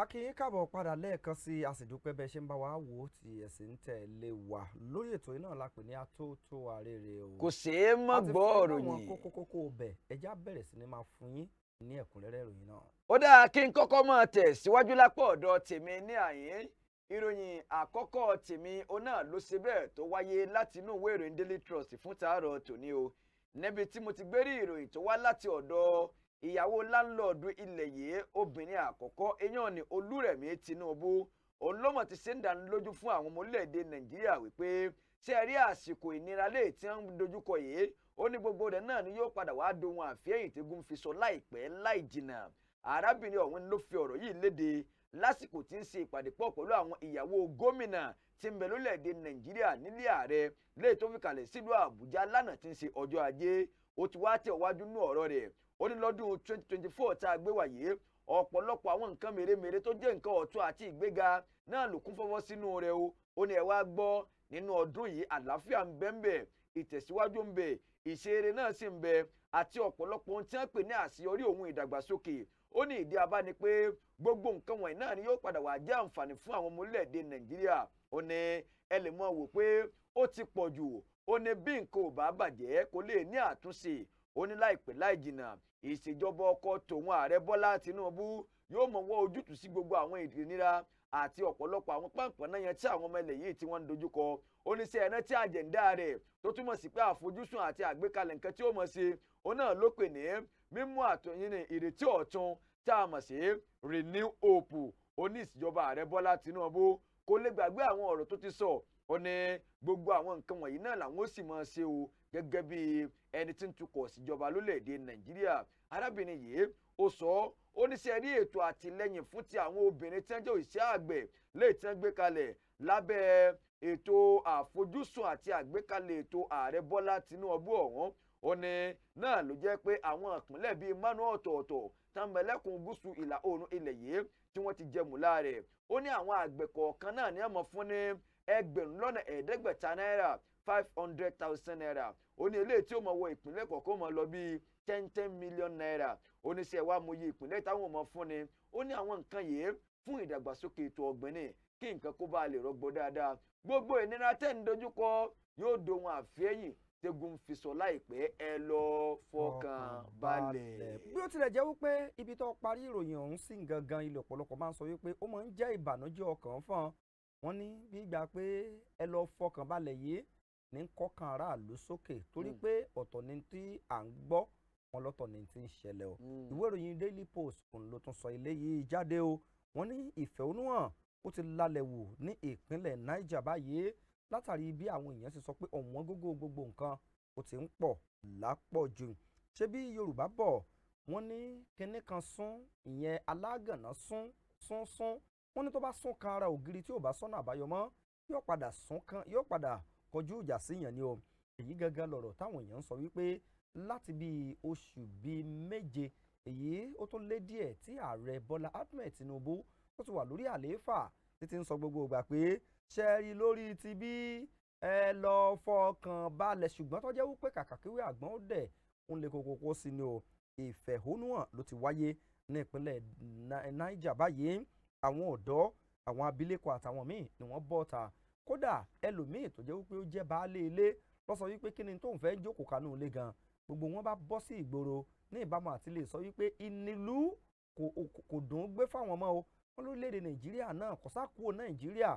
akínyìn kàbọ̀ padà lẹ́ẹ̀kan sí àsìdúpẹ́ bẹ́ẹ̀ ṣe ń bá wa wò ó ti ẹ̀sìn tẹ̀ le wa lórí ètò yìí náà la pè ní atótó àrèrè o. kò àti fún àwọn ọbẹ̀ ẹja bẹ̀rẹ̀ sí ni máa fún yín ní ẹ̀kúnrẹ́rẹ́ ìròyìn náà. ó dáa kí n kọ́kọ́ máa tẹ̀ síwájú lápò ọ̀dọ̀ tèmi ní àyín ìròyìn àkọ́kọ́ tèmi ọ̀nà ló ṣe tó ìyàwó láńlọ́ọ̀dù ilẹ̀ yìí obìnrin àkọ́kọ́ eyín ni olúrẹ̀mí tinubu òun ló mọ̀ ti ṣe ń dáni lójú fún àwọn ọmọ orílẹ̀-èdè nàìjíríà wípé ṣé rí àsìkò ìnira lè tí wọ́n dojúkọ yìí ó ní gbogbo rẹ̀ náà ni yóò padà wá dohun àfihàn ìtẹ́gùn fi sọ láìpẹ́ láì jìnnà arábìnrin ọ̀hún ló fi ọ̀rọ̀ yìí léde lásìkò tí ń ṣe ìpàdé pọ̀ pẹ̀lú àwọn ìyàwó gómìnà tí ń bẹ lólẹ̀-èdè nàìjíríà nílé ààrẹ lè tó fi kalẹ̀ sílùú àbújá lánàá tí ń ṣe ọjọ́ ajé ó ti wá tẹ̀ wájú nú ọ̀rọ̀ rẹ̀ ó ní lọ́dún 2024 twenty four tá a gbé wà yìí ọ̀pọ̀lọpọ̀ àwọn nǹkan mèremère tó jẹ́ nǹkan ọ̀tun àti ìgbéga náà fọwọ́ sínú o ó ní ẹ wá gbọ́ nínú ọdún yìí àlàáfíà ń bẹ ń bẹ ìtẹ̀síwájú ń bẹ ìṣeré náà sì ń àti ọ̀pọ̀lọpọ̀ ohun tí wọ́n pè ní àṣeyọrí òun ìdàgbàsókè ó ní ìdí abá ni pé gbogbo nǹkan wọ̀nyí náà ni yóò padà wà jẹ́ àǹfààní fún ó ní bí nǹkan ò bá bàjẹ́ kó lè ní àtúnṣe ó ní láìpẹ́ láì jìnnà ìṣèjọba ọkọ tòun ààrẹ Bọ́lá Tinubu yóò mọ̀ wọ́n ojútùú sí gbogbo àwọn ìdìnnira àti ọ̀pọ̀lọpọ̀ àwọn pàǹpọ̀nà yẹn tí àwọn ọmọ ilẹ̀ yìí tí wọ́n ń dojúkọ oníṣẹ́ ẹ̀rẹ́ tí àjẹ̀ǹdá rẹ̀ tó túmọ̀ sí pé àfojúsùn àti àgbékalẹ̀ nǹkan tí ó mọ̀ sí òun náà ló pè ní mímú àtọ̀yìn ìrètí ọ̀tun tá a mọ̀ sí renew hope oníṣìjọba ààrẹ Bọ́lá Tinubu kò lè gbàgbé àwọn ọ̀rọ̀ tó ti sọ ó ní gbogbo àwọn nǹkan wọ̀nyí náà làwọn ó sì máa ṣe o gẹ́gẹ́ bí ẹni tí ń tukọ̀ síjọba lólẹ̀‐èdè nàìjíríà arábìnrin yìí ó sọ ọ́ ó ní ṣe rí ètò àtìlẹ́yìn fún ti àwọn obìnrin tí wọ́n jẹ́ òṣìṣẹ́ àgbẹ̀ léyìí tí wọ́n gbé kalẹ̀ lábẹ́ ètò àfojúsùn àti àgbékalẹ̀ ètò ààrẹ bọ́lá tinubu ọ̀hún ó ní náà ló jẹ́ pé àwọn ìpínlẹ̀ bíi márùn ọ̀tọ̀ọ̀tọ̀ tàǹbẹ̀lẹ́kùn gúúsù ìlà oòrùn ilẹ̀ yìí tí wọ́n ti jẹ mùlá rẹ̀ ó ní àwọn àgbẹ̀ kọ̀ọ̀kan náà ní àmọ́ fún ní ẹgbẹ̀rún lọ́nà ẹ̀ẹ́dẹ́gbẹ̀ta náírà five hundred thousand naira ó ní eléyìí tí ó mọ̀ wọ ìpínlẹ̀ kọ̀ọ̀kan mọ̀ lọ bíi ten ten million naira ó ní sẹ́ wàá mọ̀ iye ìpínlẹ̀ táwọn ọmọ fún ni ó ní àwọn nǹkan yìí fún ìdàgbàsókè ètò ọ̀gbìn ni kí nǹkan kó bá lè rọgbọ dáadáa gbogbo ìnira tẹ́ ń dojúkọ yóò dohun àfẹ́yìn tẹ́gun fi sọ láìpẹ́ ẹ lọ fọkàn balẹ̀. bí ó tilẹ̀ jẹ́ wípé ibi tó parí ìròyìn ọ̀hún sí gangan ilé ọ̀pọ̀lọpọ̀ máa ń sọ wípé ó máa ń jẹ́ ìbànújẹ́ ọkàn fún wọ́n ní bí ìgbà pé ẹ lọ fọkàn balẹ̀ yìí ní kọ́kàn aráàlú sókè torí hmm. pé ọ̀tọ̀ ni tí à ń gbọ́ wọn lọ́tọ̀ ni tí ń ṣẹlẹ̀ o hmm. ìwé ìròyìn Daily Post òun ló tún sọ eléyìí jáde o wọ́n ní ìfẹ̀hónúhàn ó ti lálẹ́ wò ní ìpínlẹ̀ Niger báyìí látàrí bí àwọn èèyàn ti sọ pé ọ̀wọ́n gógó gbogbo nǹkan ó ti ń pọ̀ lápọ̀jù ṣé bí Yorùbá bọ̀ wọ́n ní kinní kan sún ìyẹn alágànná sún sún sún wọ́n ní tó bá sún kan ara ògiri tí ò bá sọ́nà àbáyọ mọ́ yóò padà sún kan yóò padà kọjú ìjà síyàn ni o èyí gangan lọ̀rọ̀ táwọn èèyàn ń sọ wípé láti bíi oṣù bíi méje èyí ó tó lé díẹ̀ tí ààrẹ Bọ́lá Ahmed Tinubu tó ti wà lórí àlééfà títí ń sọ gbogbo ìgbà pé ṣe rí lórí ti bí ẹ lọ fọkàn balẹ̀ ṣùgbọ́n tó jẹ́ wípé kàkà kíwé àgbọn ó dẹ̀ ń le kókókó sí ni o ìfẹ̀hónúhàn ló ti wáyé ní ìpínlẹ̀ Niger báyìí àwọn ọ̀dọ́ àwọn abilékọ àtàwọn míì ni wọ́n bọ́ ta kódà ẹlòmíì tó jẹ́ wípé ó jẹ́ baálé ilé ló sọ wípé kí ni tóun fẹ́ jókòó kanú ilé gan gbogbo wọn bá bọ́ sí ìgboro ní ìbámu àti lè sọ wípé ìnílù kò dùn gbé fáwọn ọmọ o wọn lórílẹ̀‐èdè nàìjíríà náà kò sá kúrò nàìjíríà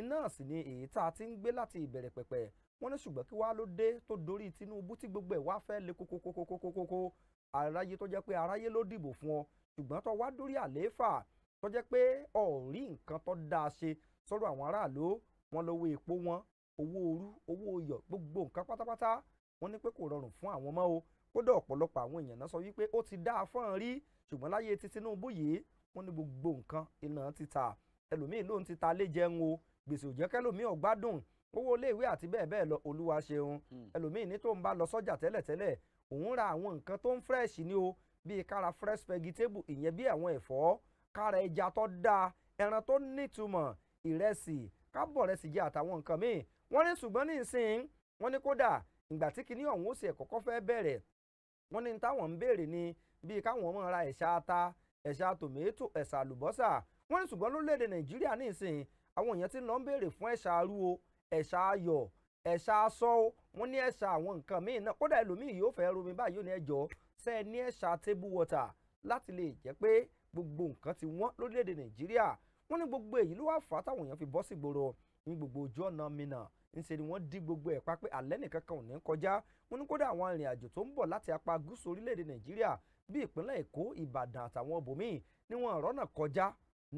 iná sì ni èyí tá a ti ń gbé láti ìbẹ̀rẹ̀ pẹ̀pẹ̀ wọn ní ṣùgbọ́n kí wàá ló dé tó dorí tinubu tí gbogbo ẹ̀ wá fẹ́ le kókókókókókókó aráyé tó jẹ́ pé aráyé ló dìbò fún ọ ṣùgbọ́n tó wá dórí àlééfà tó jẹ́ pé ọ̀rí nǹkan tó dáa ṣe sọ́dọ̀ àwọn aráàlú wọn lọ́wọ́ epo wọn owó orú owó iyọ̀ gbogbo nǹkan pátápátá wọn ní pé kò rọrùn fún àwọn ọmọ o kódà ọ̀pọ̀lọpọ̀ àwọn èèyàn náà sọ wípé ó ti dáa fún rí ṣùgbọ́n láyé ti Tinubu yìí wọn ní gbogbo nǹkan iná ti ta ẹlòmíín ló ń ti ta lé jẹun o gbèsè ò jẹ́ kẹlòmíín ò gbádùn owó iléèwé àti bẹ́ẹ̀ bẹ́ẹ̀ lọ olúwa ṣeun hmm. ẹlòmíín ní tó ń bá lọ sọ́jà tẹ́lẹ̀tẹ́lẹ̀ òun ra àwọn nǹkan tó ń fresh ni o bíi kára fresh vegetable ìyẹn bí àwọn ẹ̀fọ́ kára ẹja tó dáa ẹran tó nítumọ̀ ìrẹsì kábọ̀rẹsì jẹ àtàwọn nǹkan míì wọ́n ní ṣùgbọ́n ní ìsìn wọ́n ní kódà ìgbà tí kinní ọ̀hún ó sì ẹ̀ fẹ́ bẹ̀rẹ̀ wọ́n ní táwọn ń béèrè ni bíi káwọn ọmọ ra ẹ̀ṣà ata ẹ̀ṣà tòmẹ́tò ẹ̀ṣà àlùbọ́sà wọ́n ní ṣùgbọ́n lórílẹ̀‐èdè nàìjíríà ní ìsìn àwọn èèyàn ti lọ ń béèrè fún ẹ̀ṣà arúgbó ẹ̀ṣà ayọ̀ ẹ̀ṣà aṣọ wọ́n ní ẹ̀ṣà àwọn nǹkan míì náà kódà ẹlòmíì yóò fẹ́ romi báyìí ó ní ẹjọ́ sẹ́ẹ̀ ní ẹ̀ṣà table water láti lè jẹ́ pé gbogbo nǹkan ti wọ́n lórílẹ̀‐èdè nàìjíríà wọ́n ní gbogbo èyí ló wá fà á táwọn èèyàn fi bọ́ sí ìgboro ní gbogbo ojú ọ̀nà mìíràn ńṣe ni wọ́n dí gbogbo ẹ̀ pa pé alẹ́ nìkan kan ò ní kọjá wọ́n ní kódà àwọn arìnrìn àjò tó ń bọ̀ láti apá gúúsù orílẹ̀‐èdè nàìjíríà bí ìpínlẹ̀ èkó ìbàdàn àtàwọn ibòmíì ni wọ́n rọ́nà kọjá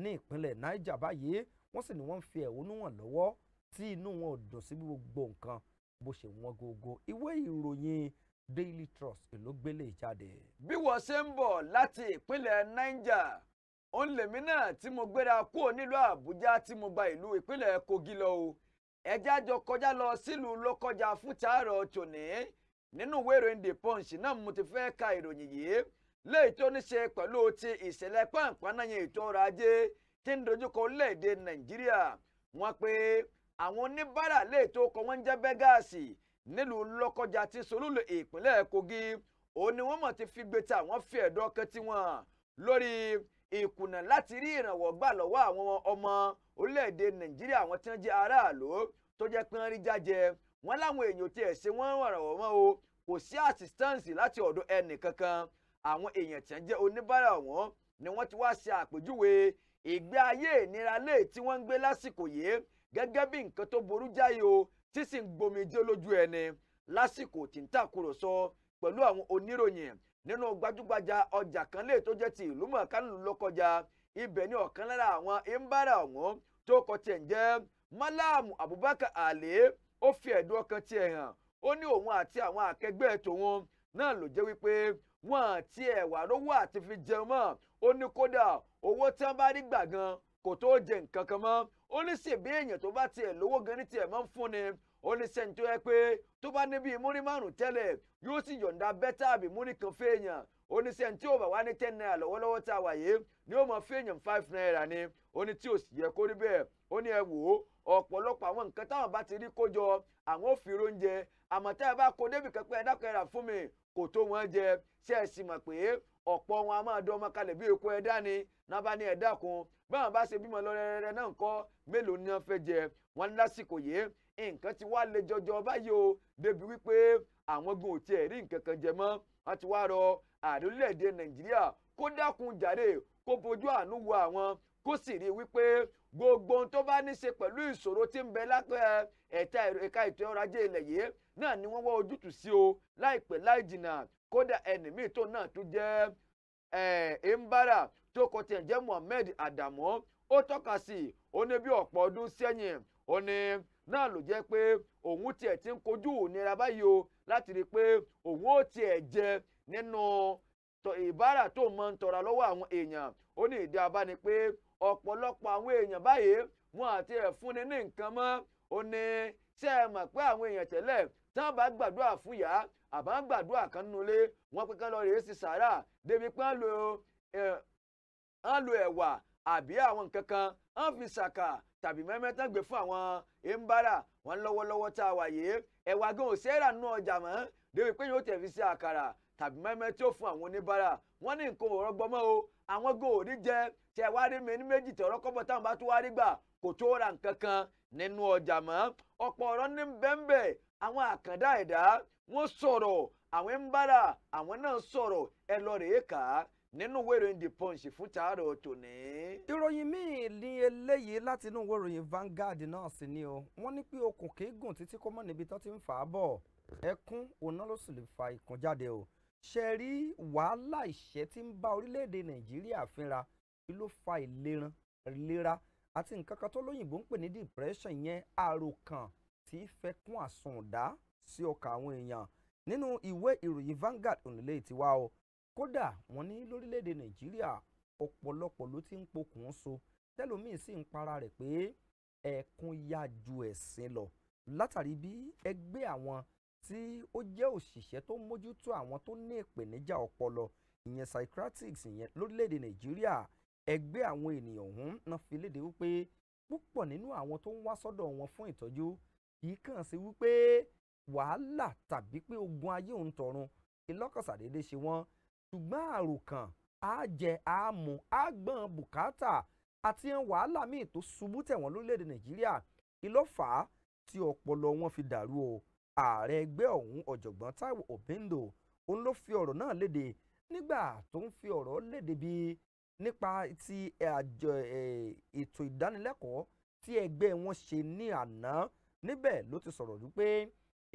ní ìpínlẹ̀ niger báyìí wọ́n sì ni wọ́n ń fi ẹ̀hónú wọn lọ́wọ́ tí inú wọn ò dùn sí gbogbo nǹkan bó ṣe wọ́n gógó ìwé ìròyìn Daily Trust ló gbélé ìjáde. bí wọ́n ṣe ń bọ̀ láti ìpínlẹ̀ Niger òun lèmi náà tí mo gbéra kúrò nílùú Àbújá tí mo gba ìlú ìpínlẹ̀ Kogi lọ o kọjá lọ sílùú ló kọjá fún tààrọ̀ tòní nínú ti fẹ́ ka ìròyìn yìí ti ìṣẹ̀lẹ̀ ètò ọrọ̀ ajé tí ń dojúkọ Nàìjíríà pé àwọn oníbàárà léyìí tó kọ jẹ́ bẹ́gáàsì nílùú lọ́kọ́jà ti solúlù ìpínlẹ̀ Kogi òun ni wọ́n mọ̀ ti fi gbé ta àwọn fi ẹ̀dọ́ ọkàn tiwọn lórí ìkùnà láti rí ìrànwọ́ gbà lọ́wọ́ àwọn ọmọ orílẹ̀-èdè Nàìjíríà àwọn tí wọ́n jẹ́ aráàlú tó jẹ́ pé wọ́n rí jájẹ wọ́n láwọn èèyàn tí ẹ̀ ṣe wọ́n mọ́ o kò sí assistance láti ọ̀dọ̀ ẹnì kankan àwọn èèyàn tí wọ́n jẹ́ oníbàárà wọn ni wọ́n ti wá ṣe àpèjúwe ìgbé ayé ìnira lé tí wọ́n ń gbé lásìkò yìí gẹ́gẹ́ bí nǹkan tó burú jáì o tí sì ń gbomijé lójú ẹni lásìkò tí ń tàkúrọ̀sọ pẹ̀lú àwọn oníròyìn nínú gbajúgbajà ọjà kan lè tó jẹ́ ti ìlú mọ̀kánù ló kọjá ibẹ̀ ni ọ̀kan lára àwọn ìmbára ọ̀hún tó kọ tiẹ̀ ń jẹ́ Malam Abubakar Ali ó fi ẹ̀dùn ọkàn tiẹ̀ hàn ó ní òun àti àwọn akẹgbẹ́ tòun náà ló jẹ́ wípé wọn àti ẹ̀wà àti fi jẹun mọ́ ó ní kódà owó tí gan kò tó jẹ nǹkan kan mọ́ ó ní sì bí èèyàn tó bá tiẹ̀ lówó gan ní tiẹ̀ máa ń fún ni ó ní sẹ́ni tó yẹ pé tó bá ní bíi múrí márùn tẹ́lẹ̀ yóò sì yọ̀ǹda bẹ́tà àbí múrí kan fẹ́ẹ̀yàn ó ní sẹ́ni tí ò bá wá ní ten naira lọ́wọ́lọ́wọ́ tá a wà yìí ni ó mọ fẹ́ẹ̀yàn five naira ni ó ní tí ò sì yẹ kó rí ní ẹ wò ó ọ̀pọ̀lọpọ̀ àwọn nǹkan táwọn bá ti rí kó jọ àwọn ò fi oúnjẹ àmọ́ tẹ́ ẹ bá kó débì kan pé ẹ fún mi kò tó wọn jẹ ṣe é mọ̀ pé ọ̀pọ̀ wọn a máa dán ọmọ kalẹ̀ bí èkó ẹ̀dá ni náà bá ní ẹ̀dá kun báwọn bá ṣe bímọ lọ́rẹ́rẹ́rẹ́ náà kọ́ mélòó ni wọ́n fẹ́ jẹ wọn lásìkò yìí nǹkan ti wá le jọjọ báyìí o débi wípé àwọn gun ò tiẹ̀ rí nǹkan kan jẹ mọ́ wọ́n kó sì rí wípé gbogbo ohun tó bá ní ṣe pẹ̀lú ìṣòro tí ń bẹ lápẹ́ ẹ̀ta ẹ̀ka ètò ọrọ̀ ajé ilẹ̀ yìí náà ni wọ́n wá ojútùú sí o láìpẹ́ láì jìnnà kódà ẹni míì tó náà tún jẹ́ tó jẹ́ Mohammed Adamu ó tọ́ka sí i ó ní bí ọ̀pọ̀ ọdún sẹ́yìn ó ní náà ló jẹ́ pé òun tiẹ̀ ti ń kojú báyìí o láti rí i pé tọra lọ́wọ́ àwọn èèyàn ó ní ìdí abá ni ọ̀pọ̀lọpọ̀ àwọn èèyàn báyìí wọn àti ẹ̀fúnni ní nǹkan mọ́ ó ní ṣé ẹ mọ̀ pé àwọn èèyàn tẹ́lẹ̀ tán bá gbàdúrà fún ìyá àbá ń gbàdúrà kan nulẹ̀ wọn pé kán lọ rèé sí sàárà débi pé wọ́n lo ẹ̀wà àbí àwọn nǹkan kan wọ́n fi ṣàkà tàbí mẹ́mẹ́tán gbé fún àwọn ìmbára wọn lọ́wọ́lọ́wọ́ tá a wà yìí ẹ̀wà gan ò sẹ́rà nù ọjà mọ́ débi pé yóò tẹ̀ fi ṣe àkàrà tàbí mẹ́mẹ́ tí ó fún àwọn oníbàárà wọ́n ní nǹkan ò o àwọn gòòrí jẹ tẹ wá rí mi ní méjì tọrọ kọ́bọ̀ táwọn bá tún wá rí gbà kò tó ra nǹkan kan nínú ọjà mọ́ ọ̀pọ̀ ọ̀rọ̀ ní bẹ́ńbẹ́ àwọn àkàndá ẹ̀dá wọ́n sọ̀rọ̀ àwọn ń bára àwọn náà sọ̀rọ̀ ẹ lọ rèé kà á nínú wéròyìn the punch fún tààrọ̀ tòní. ìròyìn míì ní eléyìí láti inú wéròyìn Vanguard náà sì ni o wọ́n ní pé okùn kì í gùn títí kó mọ́ níbi tó ti ń fà á bọ̀ ẹkún òun náà ló sì lè fa ìkún o ṣe rí wàhálà ìṣẹ́ tí ń bá orílẹ̀-èdè nàìjíríà fínra ló fa ìlera ìlera àti nǹkan kan tó lóyìnbó ń pè ní depression yẹn àròkàn tí fẹ́ kún àsùnwọ̀dá sí ọkà àwọn èèyàn nínú ìwé ìròyìn Vanguard onílé tiwa o kódà wọ́n ní lórílẹ̀‐èdè Nàìjíríà ọ̀pọ̀lọpọ̀ ló ti ń pokùn so tẹ́lòmíín sì ń para rẹ̀ pé ẹ̀kún ya ju ẹ̀sìn lọ látàrí bí ẹgbẹ́ àwọn tí ó jẹ́ òṣìṣẹ́ tó ń mójútó àwọn tó ní ìpèníjà ọpọlọ ìyẹn psychiatrics ìyẹn lórílẹ̀‐èdè nàìjíríà ẹgbẹ́ àwọn ènìyàn ọ̀hún náà fi léde wípé púpọ̀ nínú àwọn tó ń wá sọ́dọ̀ wọn fún ìtọ́jú yìí kàn sí wípé wàhálà tàbí pé ogun ayé òun tọ̀run ìlọ́kọ̀sàdédé ṣe wọ́n ṣùgbọ́n àròkàn á jẹ àámu á gbọ́n bùkátà àti wàhálà míì tó ṣubú tẹ̀ lórílẹ̀‐èdè nàìjíríà ìlọ́fàá tí ọpọlọ wọn fi dàrú o ààrẹ ẹgbẹ́ ọ̀hún ọ̀jọ̀gbọ́n Táíwò Òbíndò òun ló fi ọ̀rọ̀ náà léde nígbà tó ń fi ọ̀rọ̀ léde bí nípa ti àjọ ètò ìdánilẹ́kọ̀ọ́ tí ẹgbẹ́ wọn ṣe ní àná níbẹ̀ ló ti sọ̀rọ̀ wípé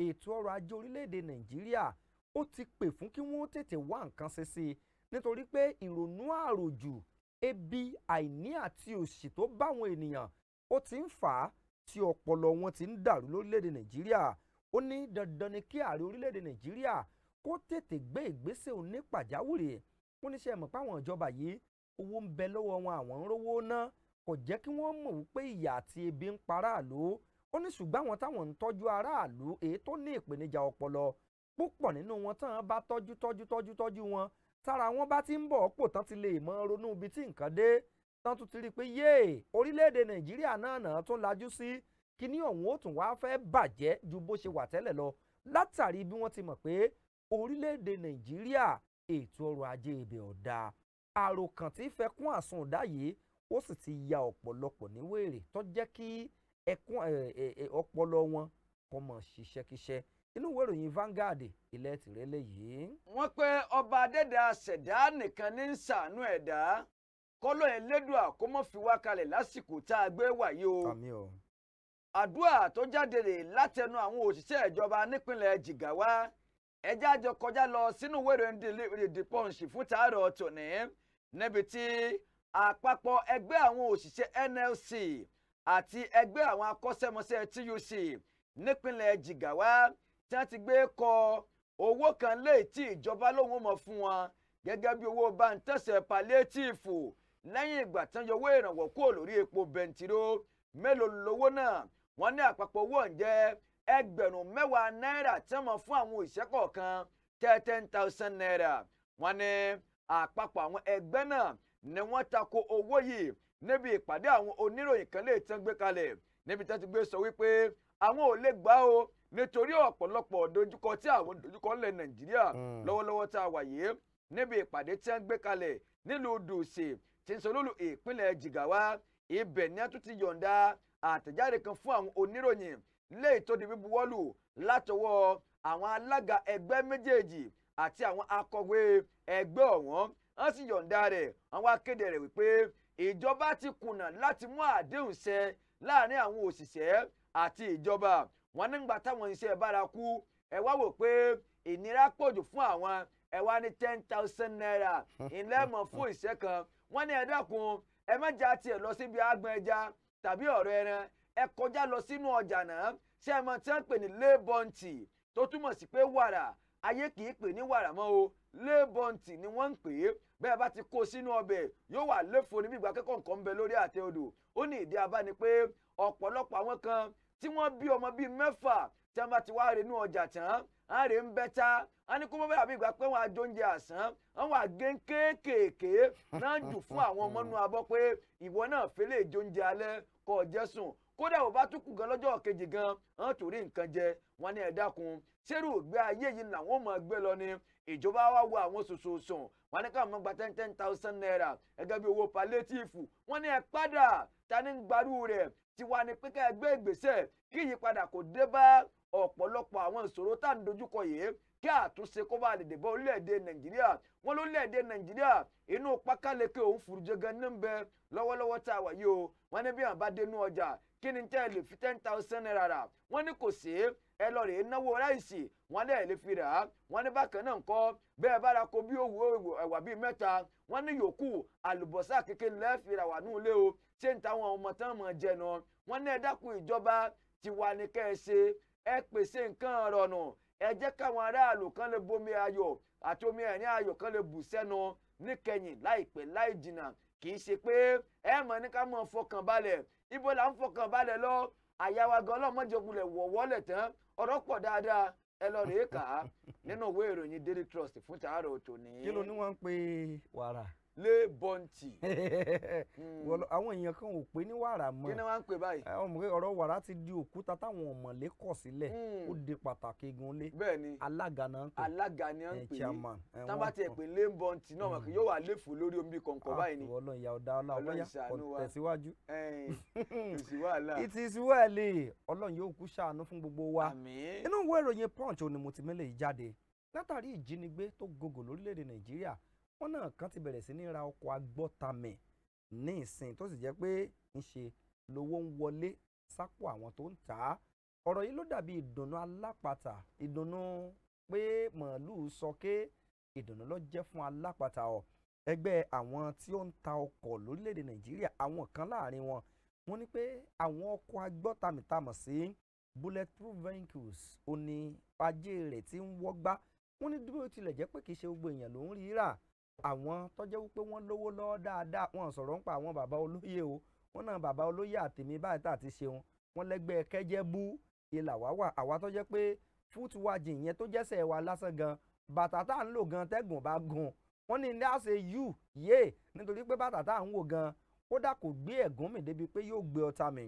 ètò ọrọ̀ ajé orílẹ̀-èdè Nàìjíríà ó ti pè fún kí wọ́n tètè wá nǹkan ṣe sí i nítorí pé ìrònú àròjù ebi àìní àti òṣì tó báwọn ènìyàn ó ti ń fà á tí ọpọlọ wọn ti ń dàrú lórílẹ̀-èdè Nàìjíríà ó ní dandan ni kí ààrẹ orílẹ̀-èdè nàìjíríà kó tètè gbé ìgbésẹ̀ òní pàjáwìrì fún níṣẹ́ mọ̀ páwọn ìjọba yìí owó ń bẹ lọ́wọ́ wọn àwọn ń rówó ná kò jẹ́ kí wọ́n mọ̀ wípé ìyà àti ebi ń paráàlú ó ní ṣùgbọ́n àwọn táwọn ń tọ́jú aráàlú èyí tó ní ìpèníjà ọpọlọ púpọ̀ nínú wọn tán bá tọ́jú tọ́jú tọ́jú tọ́jú wọn tára wọn bá ti ń bọ̀ pò tán ti lè mọ ronú ibi tí nǹkan dé tán tún ti rí i pé yéè orílẹ̀ nàìjíríà náà náà tún lajú sí kíní ọ̀hún ó tún wáá fẹ́ bàjẹ́ ju bó ṣe wà tẹ́lẹ̀ lọ látàrí bí wọ́n ti mọ̀ pé orílẹ̀-èdè nàìjíríà ètò ọrọ̀ ajé ibẹ̀ ọ̀dà àròkàn tí fẹ́ kún àsun ọ̀dà yìí ó sì ti ya ọ̀pọ̀lọpọ̀ ní wèrè tó jẹ́ kí ẹkún ọpọlọ wọn kọ́ mọ̀ ṣiṣẹ́kíṣẹ́ inú ìwé ìròyìn Vanguard ilẹ̀ tìrẹ́lẹ̀ yìí. wọ́n pé ọba adẹ́dà ṣẹ̀dá nìkan ní ń ṣàánú ẹ̀dá kọ́lọ́ Ẹlẹ́dùà kó fi wá kalẹ̀ lásìkò tá a gbé wàyí o àdúrà tó jáde rè látẹnu àwọn òṣìṣẹ́ ìjọba nípínlẹ̀ Jigawa ẹjẹ́ àjọ kọjá lọ sínú ìwé ìròyìn The Punch fún tàárọ̀ tòní níbi tí àpapọ̀ ẹgbẹ́ àwọn òṣìṣẹ́ NLC àti ẹgbẹ́ àwọn akọ́ṣẹ́mọṣẹ́ TUC nípínlẹ̀ Jigawa tí wọ́n ti gbé kọ owó kan léyìí tí ìjọba lòun mọ̀ fún wọn gẹ́gẹ́ bí owó bántẹ́sẹ̀ paliétíìfù lẹ́yìn ìgbà tí wọ́n yọ owó ìrànwọ́ kúrò lórí epo bẹntiró mélòó lówó náà wọ́n ní àpapọ̀ owó ọ̀njẹ́ ẹgbẹ̀rún mẹ́wàá náírà tí wọ́n mọ̀ fún àwọn òṣìṣẹ́ kọ̀ọ̀kan thirteen thousand naira wọ́n ní àpapọ̀ àwọn ẹgbẹ́ náà ni wọ́n tako owó yìí níbi ìpàdé àwọn oníròyìn kan lè tán gbé kalẹ̀ níbi tó ti gbé sọ wípé àwọn ò lè gbà o nítorí ọ̀pọ̀lọpọ̀ dojúkọ tí àwọn dojúkọ lẹ̀ Nàìjíríà hmm. lọ́wọ́lọ́wọ́ tá a wà yìí níbi ìpàdé tí wọ́n gbé kalẹ̀ nílùú Dùsì tí ń sọ lólu ìpínlẹ̀ Jìgáwá ibẹ̀ ni a tún ti yọ̀ǹda àtẹ̀jáde kan fún àwọn oníròyìn léyìí tó di bíbuwọ́lù látọwọ́ àwọn alága ẹgbẹ́ méjèèjì àti àwọn akọ̀wé ẹgbẹ́ ọ̀wọ́n wọ́n sì yọ̀ǹda rẹ̀ wọ́n wá kéde rẹ̀ wípé ìjọba ti kùnà láti mú àdéhùn ṣẹ láàrin àwọn òṣìṣẹ́ àti ìjọba wọn nígbà táwọn iṣẹ́ bárakú ẹ wá wò pé ìnira pọ̀jù fún àwọn ẹ wá ní ten thousand naira ìlẹ́mọ̀ fún iṣẹ́ kan wọ́n ní ẹ dákun ẹ má jẹ́ àti ẹ̀ lọ síbi àgbọn ẹja tàbí ọ̀rọ̀ ẹran ẹ kọjá lọ sínú ọjà náà ṣé ẹ mọ tí wọ́n pè ní lébọ̀ǹtì tó túmọ̀ sí pé wàrà ayé kì í pè ní wàrà mọ́ o lébọ̀ǹtì ni wọ́n ń pè é bẹ́ẹ̀ bá ti kó sínú ọbẹ̀ yóò wà léfo níbi ìgbà kẹ́kọ̀ọ́ nǹkan ń bẹ lórí àtẹ odò ó ní ìdí abá ni pé ọ̀pọ̀lọpọ̀ àwọn kan tí wọ́n bí ọmọ bíi mẹ́fà tí wọ́n bá ti wá renú ọjà tán á rè ń bẹ́ta á ní kó mọ́ bẹ́ẹ̀ àbí ìgbà pé wọ́n á jọ oúnjẹ àsán wọ́n wà gé kéékèèké náà jù fún àwọn ọmọ inú abọ́ pé ìwọ náà fẹ́lẹ́ jọ oúnjẹ alẹ́ kò jẹ́ kódà ò bá tún kù gan lọ́jọ́ kejì gan hàn torí nǹkan jẹ wọn ní ẹ dákun ṣérù ìgbé ayé yìí làwọn ò mọ̀ gbé lọ ni ìjọba wa wo àwọn sòsòsùn wọn ní káwọn gba ten ten thousand naira gẹ́gẹ́ bí owó palétíìfù wọn ní ẹ padà ta ní gbarú rẹ̀ tiwa ni pé ká ẹ kí ìyípadà kò dé bá ọ̀pọ̀lọpọ̀ àwọn ìṣòro tá à ń dojúkọ yìí kí àtúnṣe kó bá lè dé bá orílẹ̀-èdè nàìjíríà wọn lórílẹ̀-èdè nàìjíríà inú pákáleke òun fùrùjẹgẹ ní bẹ lọ́wọ́lọ́wọ́ tá a wà yìí o wọn ní bí àwọn bá dénú ọjà kí ni tẹ́ ẹ lè fi ten thousand naira rà wọn ní kò sí ẹ lọ rèé náwó ráìsì wọn lẹ́ẹ̀ lè fi rà á wọn ní bákan náà ńkọ́ bẹ́ẹ̀ bára ko bí òwú ẹ̀wà bíi mẹ́ta wọn ní yòókù àlùbọ́sà kékeré lẹ́ẹ̀ ẹ jẹ́ káwọn aráàlú kan lè bomi ayọ̀ àti omi ẹ̀rín ayọ̀ kan lè bù sẹ́nu níkẹyìn láìpẹ́ láì jìnnà kì í ṣe pé ẹ mọ̀ ní ká mọ̀ fọkàn balẹ̀ ibo là ń fọkàn balẹ̀ lọ àyàwó agan tán ọ̀rọ̀ pọ̀ dáadáa ẹ lọ rèé kà á Daily Trust fún tàárọ̀ tòní. kí pe wàrà. lébọ̀ǹtì. Hmm. àwọn èèyàn kan ò pé ní wàrà mọ́. kí ni wọ́n ń pè báyìí. ọmọ kí ọ̀rọ̀ wàrà ti di òkúta táwọn ọ̀mọ̀lé kọ̀ sílẹ̀ hmm. ó di pàtàkì gan lé. bẹ́ẹ̀ni alága náà ń pè alága ni à ń pè é tábà tiẹ̀ pé lébọ̀ǹtì náà wọn kì hmm. yóò wà léfò lórí omi kọ̀ǹkọ̀ báyìí ni. Ah, ọlọ́run ìyá ọ̀dà ọláwọ́yá tẹ̀síwájú. it is well ọlọ́run yóò kú ṣàánú fún gbogbo wa. inú ìwé ìròyìn punch òní mo wọ́n náà kan ti bẹ̀rẹ̀ sí ní ra ọkọ̀ agbọ́tamẹ̀ ní ìsìn tó sì jẹ́ pé ń ṣe lówó ń wọlé sápò àwọn tó ń tà á ọ̀rọ̀ yìí ló dàbí ìdùnnú alápatà ìdùnnú pé màálùú sọ ké ìdùnnú ló jẹ́ fún alápatà ọ̀ ẹgbẹ́ àwọn tí ó ń ta ọkọ̀ lórílẹ̀ nàìjíríà àwọn kan láàrin wọn wọ́n ní pé àwọn ọkọ̀ agbọ́tamẹ̀ tá a mọ̀ sí bulletproof vehicles ó ní ajé rẹ̀ tí ń wọ́gbá wọ́n ní dúró tilẹ̀ jẹ́ pé kì í ṣe gbogbo èèyàn ló ń rí rà àwọn tó jẹ́ wípé wọ́n lówó lọ́wọ́ dáadáa wọ́n sọ̀rọ̀ ń pa àwọn bàbá olóyè o wọ́n náà bàbá olóyè àtẹ̀mí báyìí tà ti ṣeun wọ́n lẹ́gbẹ́ kẹ́jẹ́ bú ìlà wá wà àwa tó jẹ́ pé fútuwájì yẹn tó jẹ́sẹ̀ wa lásán gan bàtà tá à ń lò gan tẹ́gùn bá gùn wọ́n ní ní àṣẹ yù yé nítorí pé bàtà tá à ń wò gan kódà kò gbé ẹ̀gún mi débi pé yóò gbé ọta mi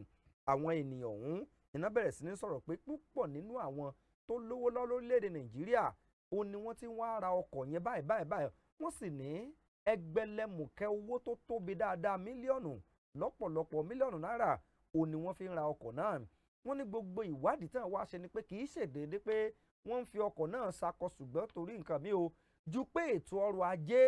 àwọn ènìyàn ọ̀hún iná bẹ̀rẹ̀ sí ní sọ̀rọ̀ pé púpọ̀ nínú àwọn tó lówó lọ lórílẹ̀ ra ọkọ̀ yẹn báyìí báyìí wọ́n sì ní ẹgbẹ̀lẹ́mùkẹ́ owó tó tóbi dáadáa mílíọ̀nù lọ́pọ̀lọpọ̀ mílíọ̀nù náírà òun ni wọ́n fi ń ra ọkọ̀ náà wọ́n ní gbogbo ìwádìí tán wá ṣe ni pé kì í ṣèdédé pé wọ́n ń fi ọkọ̀ náà sakọ ṣùgbọ́n torí nǹkan mi o ju pé ètò ọrọ̀ ajé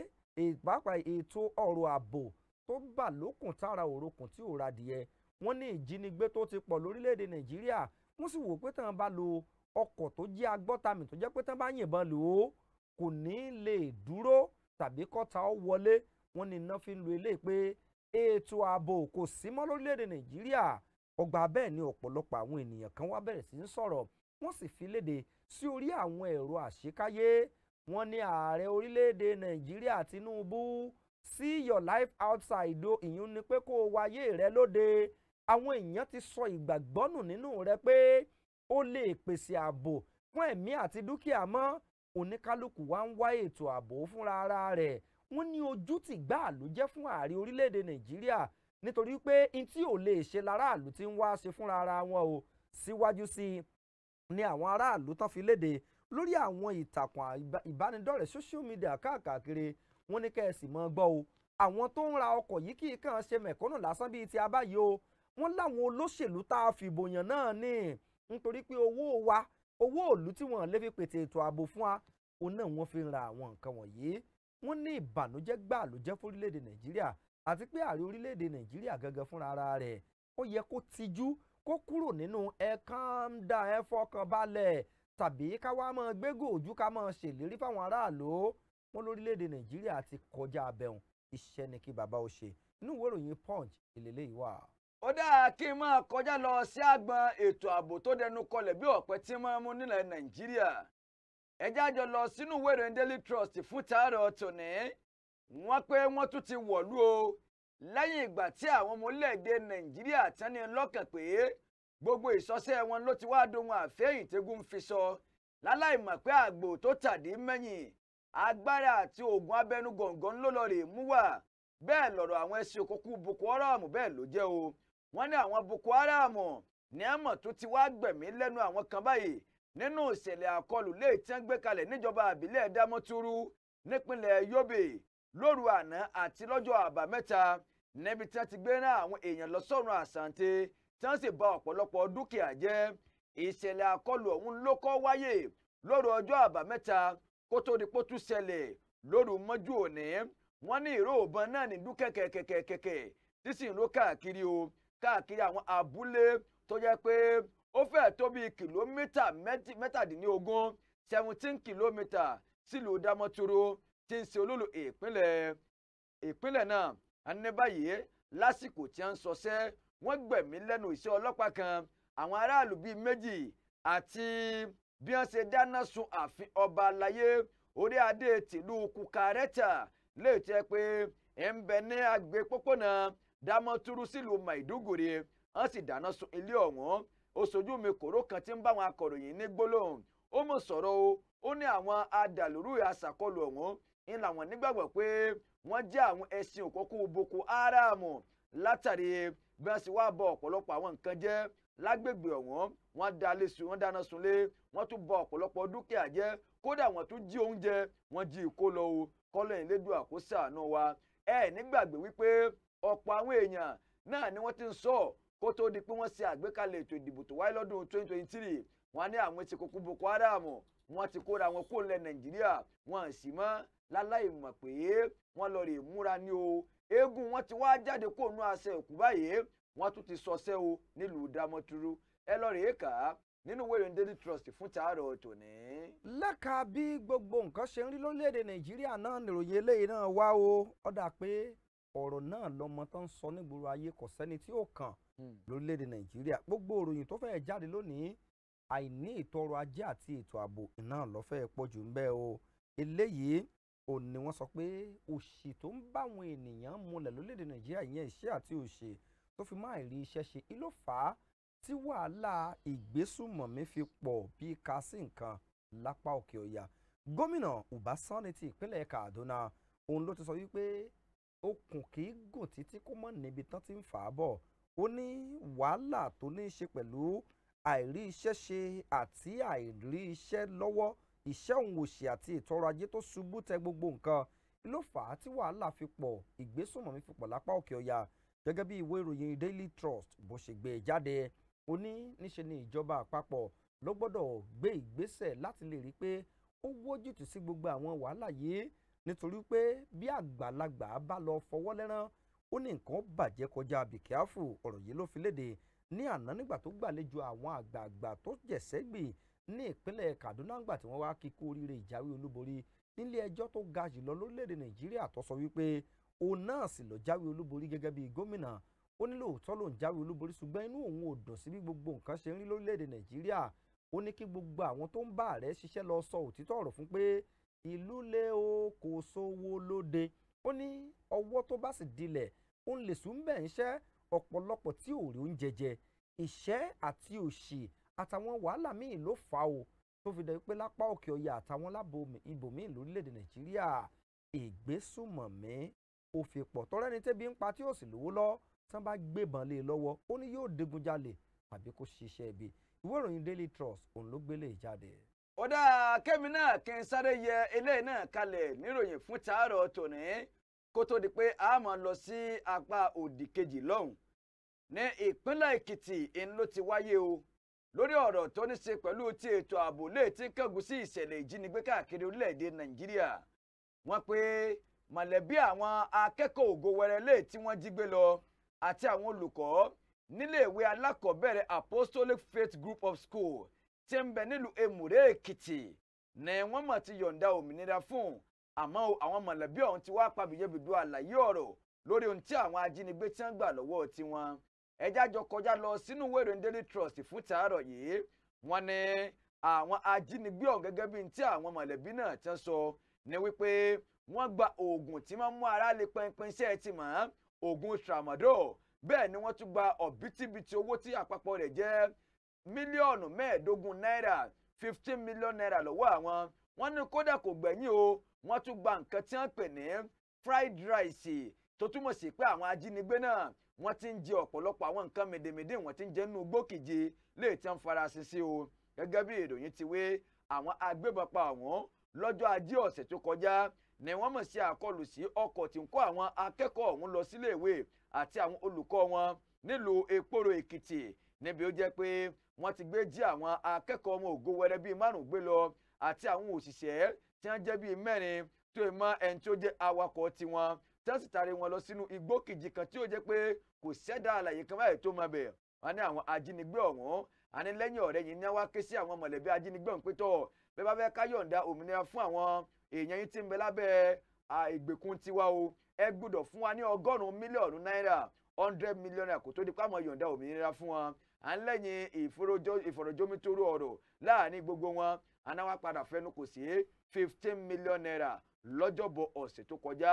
pàápàá ètò ọrọ̀ ààbò tó bà lókùn tára òrokùn tí ò radìẹ wọ́n ní ìjínigbé tó ti pọ̀ lórílẹ̀‐èdè nàìjíríà wọ́n sì wò pé tán bá lo ọkọ̀ tó jẹ́ agbọ́tàmì tó jẹ́ pé tán bá yìnbọn lò ó kò ní lè dúró tàbí kọ́ta ó wọlé wọ́n ní iná fi ń lu eléyìí pé ètò ààbò kò sí mọ́ lórílẹ̀ nàìjíríà ọgbà bẹ́ẹ̀ ni ọ̀pọ̀lọpọ̀ àwọn ènìyàn kan wá bẹ̀rẹ̀ sí ń sọ̀rọ̀ wọ́n sì fi léde sí orí àwọn ẹ̀rọ àṣekáyé wọ́n ní ààrẹ orílẹ̀ nàìjíríà tinubu see your life outside ìyún ni pé kó o wáyé rẹ lóde àwọn èèyàn ti sọ ìgbàgbọ́ nínú rẹ pé ó lè pèsè ààbò fún ẹ̀mí àti dúkìá mọ́ oníkálukú wa ń wá ètò ààbò fúnra ara rẹ̀ wọ́n ní ojú tì gbà ló jẹ́ fún ààrẹ orílẹ̀-èdè nàìjíríà nítorí pé n tí ò lè ṣe láràlú tí ń wá ṣe fúnra ara wọn o síwájú sí i ni àwọn aráàlú tán fi léde lórí àwọn ìtàkùn ìbánidọ́rẹ̀ẹ́ social media káàkiri wọ́n ní kẹ́ ẹ sì mọ́ gbọ́ o àwọn tó ń ra ọkọ̀ yìí kì í kàn ṣe mẹ̀kọ́nù lásán bíi ti abáyé o wọ́n láwọn olóṣèlú tá a fìbò yàn náà ní nítorí pé owó wa owó òlú tí wọ́n lè fi pètè ètò ààbò fún wa òun náà wọ́n fi ń ra àwọn nǹkan wọ̀nyí wọ́n ní ìbànújẹ́ gbà ló jẹ́ fórílẹ̀-èdè nàìjíríà àti pé ààrẹ orílẹ̀-èdè nàìjíríà gangan fúnra ara rẹ̀ ó yẹ kó tijú kó kúrò nínú ẹ kàn ń da ẹ fọkàn balẹ̀ tàbí ká wá máa gbégò ojú ká máa ṣèlérí fáwọn aráàlú wọn lórílẹ̀-èdè nàìjíríà ti kọjá abẹ́hùn iṣẹ́ ni kí bàbá ó ṣe inú ìwé ìròyìn punch ìlélẹ́yìí wà. ó dáa kí n máa kọjá lọ sí àgbọn ètò ààbò tó dẹnu kọlẹ̀ bí ọ̀pẹ tí máa mú nílẹ̀ nàìjíríà ẹjẹ́ lọ sínú ìwé daily trust fún tààrọ̀ tòní wọn pé wọ́n tún ti wọ̀lú o lẹ́yìn ìgbà tí àwọn ọmọ orílẹ̀-èdè nàìjíríà tán ní lọ́kàn pé gbogbo ìsọsẹ́ wọn ló ti dohun àfẹ́yìn fi sọ láláì mọ̀ pé àgbò tó tàdí mẹ́yìn agbára àti oògùn abẹnugọ̀ngàn ló lọ rè mú bẹ́ẹ̀ lọ̀rọ̀ àwọn boko haram bẹ́ẹ̀ o wọ́n ní àwọn Boko Haram ní àmọ̀ tó ti wá gbẹ̀mí lẹ́nu àwọn kan báyìí nínú ìṣẹ̀lẹ̀ àkọlù léè tí wọ́n gbé kalẹ̀ níjọba àbílẹ̀ Dámọ́túrú nípínlẹ̀ Yobe lóru àná àti lọ́jọ́ àbámẹ́ta níbi tí wọ́n ti gbé náà àwọn èèyàn lọ sọ́run àsàǹtẹ tí wọ́n sì bà ọ̀pọ̀lọpọ̀ dúkìá jẹ́ ìṣẹ̀lẹ̀ àkọlù ọ̀hún ló kọ́ wáyé lóru ọjọ́ àbámẹ́ta kó tó di pótú ṣẹlẹ̀ lóru mọ́jú òní wọ́n ní ìró ìbọn náà ní dúkẹ́kẹ́kẹ́kẹ́kẹ́ tí sì káàkiri o káàkiri àwọn abúlé tó jẹ́ pé ó fẹ́ tó bíi kìlómítà mẹ́tàdínlógún seventeen kìlómítà sílùú Damaturu tí ń ṣe olólù ìpínlẹ̀ ìpínlẹ̀ náà ní báyìí lásìkò tí a ń sọsẹ́ wọ́n gbẹ̀mí lẹ́nu iṣẹ́ ọlọ́pàá kan àwọn aráàlú bíi méjì àti bí wọ́n ṣe dáná sun ààfin ọba alayé orí adé tìlú kukarẹ́tà léè tẹ́ pé ẹ̀ ń bẹ ní agbè pópónà dámọ́túrú sílùú Maiduguri wọ́n sì dáná sun ilé ọ̀hún ó sojú mi kòró kan ti ń bá àwọn akọ̀ròyìn ní gbólóhùn ó mọ̀ sọ̀rọ̀ o ó ní àwọn adàlúrú aṣàkọlù ọ̀hún ń làwọn nígbàgbọ́ pé wọ́n jẹ́ àwọn òkókó Boko Haram látàrí bí wọ́n sì wá bọ ọ̀pọ̀lọpọ̀ àwọn nǹkan jẹ́ lágbègbè ọ̀hún wọ́n da sun wọ́n dáná sunlé wọ́n tún bọ ọ̀pọ̀lọpọ̀ dúkìá jẹ́ kódà wọ́n tún jí oúnjẹ wọ́n jí ìkó lọ o ọ̀pọ̀ àwọn èèyàn náà ni wọ́n ti ń sọ kó tó di pé wọ́n ṣe àgbékalẹ̀ ètò ìdìbò tó wáyé lọ́dún 2023 wọ́n ní àwọn ti kókó Boko Haram wọ́n ti kóra wọn kó lẹ̀ Nàìjíríà wọ́n sì mọ́ láláì mọ̀ pé wọ́n lọ rè múra ní o eégún wọn ti wá jáde kó nú aṣẹ òkú báyìí wọ́n tún ti sọsẹ́ o nílùú Dámọ́túrú ẹ lọ rèé kà á nínú ìwé Daily Trust fún tàárọ̀ tòní. lẹ́ka bí gbogbo nǹkan ṣe ń rí lórílẹ̀‐èdè Nàìjíríà náà nìròyìn eléyìí náà wá o ó pé ọ̀rọ̀ náà lọ́mọ tó ń sọ nígboro ayé kò sẹ́ni tí ó kàn hmm. lórílẹ̀‐èdè nàìjíríà gbogbo òròyìn tó fẹ́ẹ́ jáde lónìí àìní ètò ọrọ̀ ajé àti ètò ààbò náà lọ́fẹ̀ẹ́ pọ̀ jù ń bẹ́ẹ̀ o eléyìí ò ní wọ́n sọ pé òṣì tó ń bá ènìyàn múlẹ̀ lórílẹ̀‐èdè nàìjíríà ìyẹn iṣẹ́ àti òṣì tó fi máa rí iṣẹ́ ṣe ìlò fà á tí wàhálà ìgbésùmọ̀mí fi pọ̀ bí ká nǹkan lápá òkè ọ̀yà gómìnà Uba Sani ti ìpínlẹ̀ Kaduna òun ló ti sọ wípé okùn kì í gùn títí kó mọ̀ níbi tán ti ń fà á bọ̀ ó ní wàhálà tó ní í ṣe pẹ̀lú àìrí iṣẹ́ ṣe àti àìrí iṣẹ́ lọ́wọ́ iṣẹ́ òun òṣì àti ètò ọrọ̀ ajé tó ṣubú tẹ gbogbo nǹkan ló fà á tí wàhálà fi pọ̀ ìgbésùnmọ̀mí fi pọ̀ lápá òkè ọ̀yà gẹ́gẹ́ bí ìwé ìròyìn Daily Trust bó ṣe gbé e jáde ó ní níṣe ni ìjọba àpapọ̀ ló gbọ́dọ̀ gbé ìgbésẹ̀ láti lè rí i pé ó wójútùú sí gbogbo àwọn wàhálà yìí nítorí pé bí àgbàlagbà bá lọ fọwọ́ lẹ́rán ó ní nǹkan bàjẹ́ kọjá be careful ọ̀rọ̀ yìí ló fi léde ní àná nígbà tó gbàlejò àwọn àgbààgbà tó jẹ̀sẹ́ gbì ní ìpínlẹ̀ Kaduna nígbà tí wọ́n wá kíkú oríire ìjáwé olúborí nílé ẹjọ́ tó ga jùlọ lórílẹ̀‐èdè Nàìjíríà tó sọ wípé òun náà sì lọ jáwé olúborí gẹ́gẹ́ bí gómìnà ó ní lóòótọ́ lòun jáwé olúborí ṣùgbọ́n inú òun ò dùn sí bí gbogbo nǹkan ṣe ń rí lórílẹ̀‐èdè Nàìjíríà ó ní kí gbogbo àwọn tó ń bá ààrẹ ṣiṣẹ́ lọ sọ òtítọ́ ọ̀rọ̀ fún pé ìlú lé o kò sówó lóde ó ní ọwọ́ tó bá sì dilẹ̀ ó ń lè sùn bẹ́ẹ̀ ń ṣẹ́ ọ̀pọ̀lọpọ̀ tí ò rí oúnjẹ jẹ ìṣẹ́ àti òṣì àtàwọn wàhálà míì ló fà á o tó fi dẹ̀ pé lápá òkè ọ̀yà àtàwọn lábo ibòmíì lórílẹ̀‐èdè nàìjíríà ìgbésùmọ̀mí ó tọ́rẹ́ ni tẹ́bi ń pa tí ó sì lówó lọ tán bá gbébọn lé e lọ́wọ́ ó ní yóò digunjalè tàbí kó ṣiṣẹ́ ibi ìwé ìròyìn Daily Trust òun ló gbélé ìjáde ó dáa kẹ́mi náà kí n sáré yẹ eléyìí náà kalẹ̀ níròyìn fún tàárọ̀ tòní kó tó di pé a máa lọ sí apá òdì kejì lọ́hùn ní ìpínlẹ̀ Èkìtì ló ti wáyé o lórí ọ̀rọ̀ tó ní ṣe pẹ̀lú ti ètò ààbò lè ti kángun sí ìṣẹ̀lẹ̀ ìjínigbé káàkiri orílẹ̀-èdè Nàìjíríà wọ́n pé mọ̀lẹ́bí àwọn akẹ́kọ̀ọ́ ògo wẹrẹ lè tí wọ́n jí gbé lọ àti àwọn olùkọ́ níléèwé alákọ̀ọ́bẹ̀rẹ̀ Apostolic Faith Group of School tí ń bẹ nílùú Èmùrè Èkìtì ní wọ́n mọ̀ ti yọ̀ǹda òmìnira fún àmọ́ àwọn mọ̀lẹ́bí ọ̀hún ti wá pàbíyèbìdú àlàyé ọ̀rọ̀ lórí ohun tí àwọn ajínigbé ti ń gbà lọ́wọ́ tiwọn ẹjá jọ kọjá lọ sínú ìwé ìròyìn Trust fún tàárọ̀ yìí wọ́n ní àwọn ajínigbé ọ̀hún gẹ́gẹ́ bíi ti àwọn mọ̀lẹ́bí náà ti ń sọ ní wípé wọ́n gba oògùn tí máa ń mú ara lè pinpin iṣẹ́ ti mọ̀ oògùn tramadol bẹ́ẹ̀ ni wọ́n tún gba ọ̀bítíbitì owó tí àpapọ̀ rẹ̀ jẹ́ mílíọ̀nù mẹ́ẹ̀ẹ́dógún náírà fifteen million naira lọ́wọ́ àwọn wọ́n ní kódà kò gbẹ̀yìn o wọ́n tún gba nǹkan tí wọ́n pè ní fried rice tó túmọ̀ sí pé àwọn ajínigbé náà wọ́n ti ń jẹ ọ̀pọ̀lọpọ̀ àwọn nǹkan mèdèmèdè wọ́n ti ń jẹ nínú gbókìje léè tí wọ́n fara sí sí o gẹ́gẹ́ bí ìròyìn ti wé àwọn agbébọn pa àwọn lọ́jọ́ ajé ọ̀sẹ̀ tó kọjá ni wọ́n mọ̀ sí àkọlù sí ọkọ̀ tí ń kó àwọn akẹ́kọ̀ọ́ ọ̀hún lọ síléèwé àti àwọn olùkọ́ wọn nílùú Èkóró Èkìtì níbi ó jẹ́ pé wọ́n ti gbé jí àwọn akẹ́kọ̀ọ́ ọmọ ògo wẹrẹ bíi márùn-ún gbé lọ àti àwọn òṣìṣẹ́ tí wọ́n jẹ́ bíi mẹ́rin tó ì mọ ẹni tó jẹ́ awakọ̀ tiwọn tí wọ́n sì taari wọn lọ sínú igbó kìjì kan tí ó jẹ́ pé kò sẹ́dá àlàyé kan báyìí tó mọ bẹ̀ wọ́n ní àwọn ajínigbé ọ̀hún àní lẹ́yìn ọ̀rẹ́ yìí ní wá ké sí àwọn mọ̀lẹ́bí ajínigbé ọ̀hún pé tọ́ bẹ́ẹ̀ bá fẹ́ ká yọ̀ǹda òmìnira fún àwọn èèyàn yín tí ń bẹ lábẹ́ ìgbèkùn tiwa o ẹ gbọ́dọ̀ fún wa ní ọgọ́rùn-ún náírà hundred million naira kó tó di pé àwọn yọ̀ǹda òmìnira fún wọn à ń lẹ́yìn ìfọ̀rọ̀jomitoro ọ̀rọ̀ láàrin gbogbo wọn anáwá padà fẹnu kò sí fifteen million naira lọ́jọ́bọ̀ ọ̀sẹ̀ tó kọjá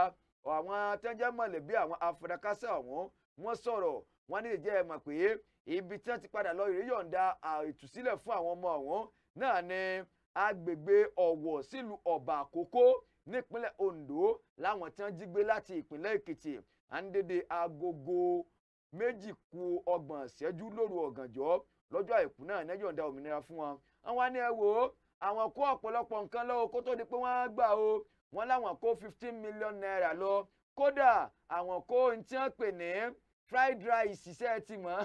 àwọn tẹ́jẹ́ mọ̀lẹ́bí àwọn afurasí ọ̀hún wọ́n sọ̀rọ̀ wọ́n ní ìjẹ́ ẹ̀ mọ̀ pé ibi tí wọ́n ti padà lọ ìrìyọ̀ǹda ìtúsílẹ̀ fún àwọn ọmọ ọ̀hún náà ni agbègbè ọ̀wọ̀ sílùú ọ̀bà àkókó nípínlẹ̀ Ondo láwọn tí wọ́n jí gbé láti ìpínlẹ̀ Èkìtì à agogo méjì ku ọgbọ̀n ìṣẹ́jú lóru ọ̀gànjọ́ lọ́jọ́ àìkú náà ní ẹjọ́ ń da òmìnira fún wọn. àwọn ni ẹ wò ó àwọn kó ọ̀pọ̀lọpọ̀ nǹkan lọ kó tó di pé wọ́n á gbà o wọ́n láwọn kó fifteen million naira lọ kódà àwọn kó ohun tí wọ́n pè ní fried rice iṣẹ́ ti mọ̀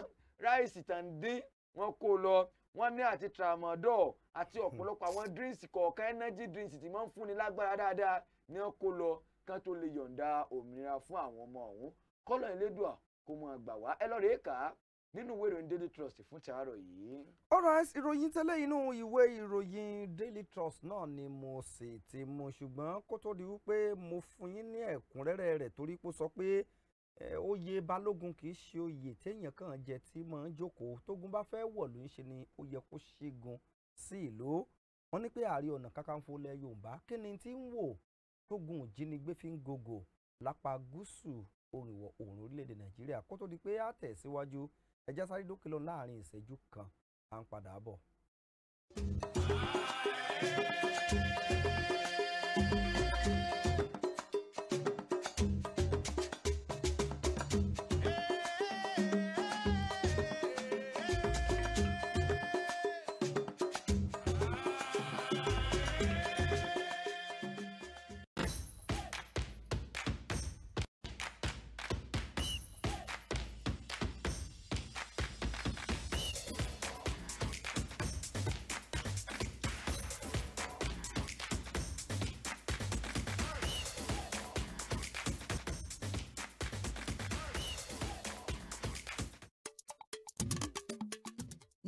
ráìsì tàǹdín wọ́n kó lọ wọ́n ní àti tramadol àti ọ̀pọ̀lọpọ̀ àwọn drinks kọ̀ọ̀kan energy drinks tí wọ́n ń fúnni lágbára dáadáa ni wọ́n kó lọ kán tó lè yọ̀ǹda òmìnira fún àwọn ọmọ ọ̀hún kọ́lọ̀ ìlédùà kó mọ̀ gbà wá ẹ lọ́ọ́ rèé kà á nínú ìwé ìròyìn Daily Trust fún ti àárọ̀ yìí. alright ìròyìn tẹ́lẹ̀ inú ìwé ìròyìn Daily Trust náà ni mo sì ti mú ṣùgbọ́n kó tó di wípé mo fún yín ní ẹ̀kúnrẹ́rẹ́ rẹ̀ torí pé ó sọ pé oyè balógun kì í ṣe oyè téèyàn kàn jẹ tí mò ń jókòó tógun bá fẹ́ wọ̀ ló ń ṣe ni ó yẹ kó ṣígun sí ìlú wọn ní pé ààrẹ ọ̀nà kakanfò lẹ̀ Yorùbá kí ni tí ń wò tógun ìjínigbé fi ń gògò lápá gúúsù oòrùn ìwọ̀ oòrùn orílẹ̀-èdè nàìjíríà kó tó di pé a tẹ̀síwájú ẹja sáré dókè lọ láàrin ìṣẹ́jú kan à ń padà bọ̀.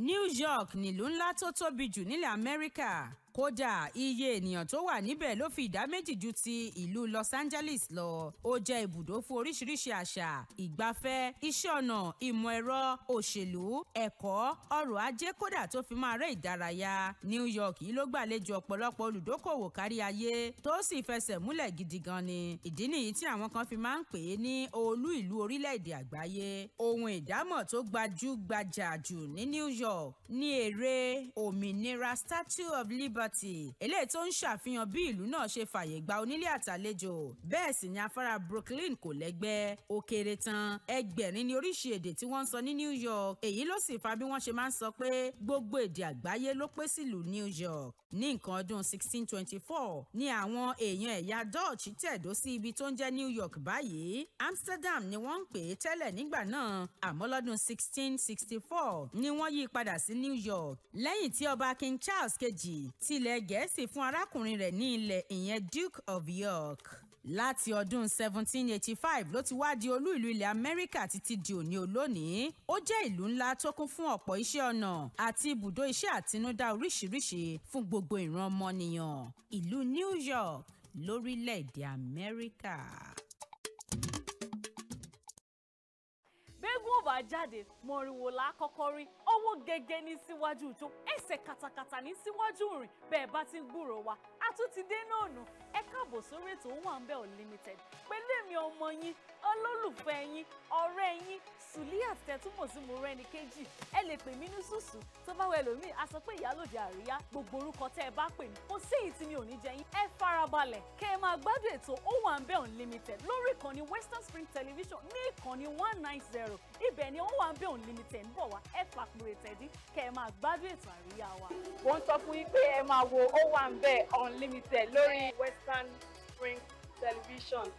New York nílùú ńlá tó tóbi jù nílẹ̀ Amẹ́ríkà kódà iye ènìyàn tó wà níbẹ̀ ló fi ìdá méjì ju ti ìlú Los Angeles lọ ó jẹ́ ibùdó fún oríṣiríṣi àṣà ìgbafẹ́ iṣẹ́ ọnà ìmọ̀ ẹ̀rọ òṣèlú ẹ̀kọ́ ọrọ̀ ajé kódà tó fi máa rẹ́ ìdárayá New York yìí ló gbàlejò ọ̀pọ̀lọpọ̀ olùdókòwò kárí ayé tó sì fẹsẹ̀ múlẹ̀ gidi gan ni ìdí nìyí tí àwọn kan fi máa ń pè é ní olú ìlú orílẹ̀-èdè àgbáyé ohun ìdámọ̀ tó gbajú-gbajà jù ní New York ní ère òmìnira Statue of Liberty Liberty eléyìí tó ń ṣàfihàn bí ìlú náà ṣe fàyè gba onílé àtàlejò bẹ́ẹ̀ sì ni afárá Brooklyn kò lẹ́gbẹ́ ó kéré tán ẹgbẹ̀rin ni oríṣi èdè tí wọ́n ń sọ ní New York èyí ló sì fa bí wọ́n ṣe máa ń sọ pé gbogbo èdè àgbáyé ló pé sílùú New York ní nǹkan ọdún 1624 ni àwọn èèyàn ẹ̀yà Dutch tẹ̀dó sí ibi tó ń jẹ́ New York báyìí Amsterdam ni wọ́n ń pè é tẹ́lẹ̀ nígbà náà àmọ́ lọ́dún 1664 ni wọ́n yí padà sí New York lẹ́yìn tí ọba King Charles kejì ti ilẹ̀ gẹ̀ẹ́sì fún arákùnrin rẹ̀ ní ilẹ̀ ìyẹn Duke of York láti ọdún 1785 ló ti wá di olú ìlú ilẹ̀ Amẹ́ríkà títí di òní olónìí ó jẹ́ ìlú ńlá tó kún fún ọ̀pọ̀ iṣẹ́ ọnà àti ibùdó iṣẹ́ àtinúdá oríṣiríṣi fún gbogbo ìran ọmọnìyàn ìlú New York lórílẹ̀-èdè Amẹ́ríkà. bá jáde mọ̀rìnwó la kọ́kọ́ rí owó gẹ́gẹ́ ní síwájú ìjó ẹsẹ̀ katakata ní síwájú rìn bẹ́ẹ̀ bá ti ń gbúrò wa a tún ti dé náà nù ẹ káàbọ̀ sórí ètò Owambe Unlimited pẹ̀lú èmi ọmọ yín olólùfẹ́ yín ọ̀rẹ́ yín Suliat tẹ́túmọ̀ sí mo rẹ́ ni kejì ẹ lè pè mí ní sùsù tó bá wẹ lómi a sọ pé ìyálòdì àríyá gbogbo orúkọ tẹ́ ẹ bá pè mí kò sí èyí tí mi ò ní jẹ yín ẹ farabalẹ̀ kẹ́ ẹ máa gbádùn ètò Owambe Unlimited lórí ìkànnì Western Spring Television ní ìkànnì one nine zero ibẹ̀ ni Owambe Unlimited ń bọ̀ wá ẹ fàpùrẹ̀ tẹ̀dí kẹ́ ẹ máa gbádùn ètò àríyá wa. mo ń sọ fún yín pé ẹ máa wo Owambe Unlimited lórí West Western Spring Television.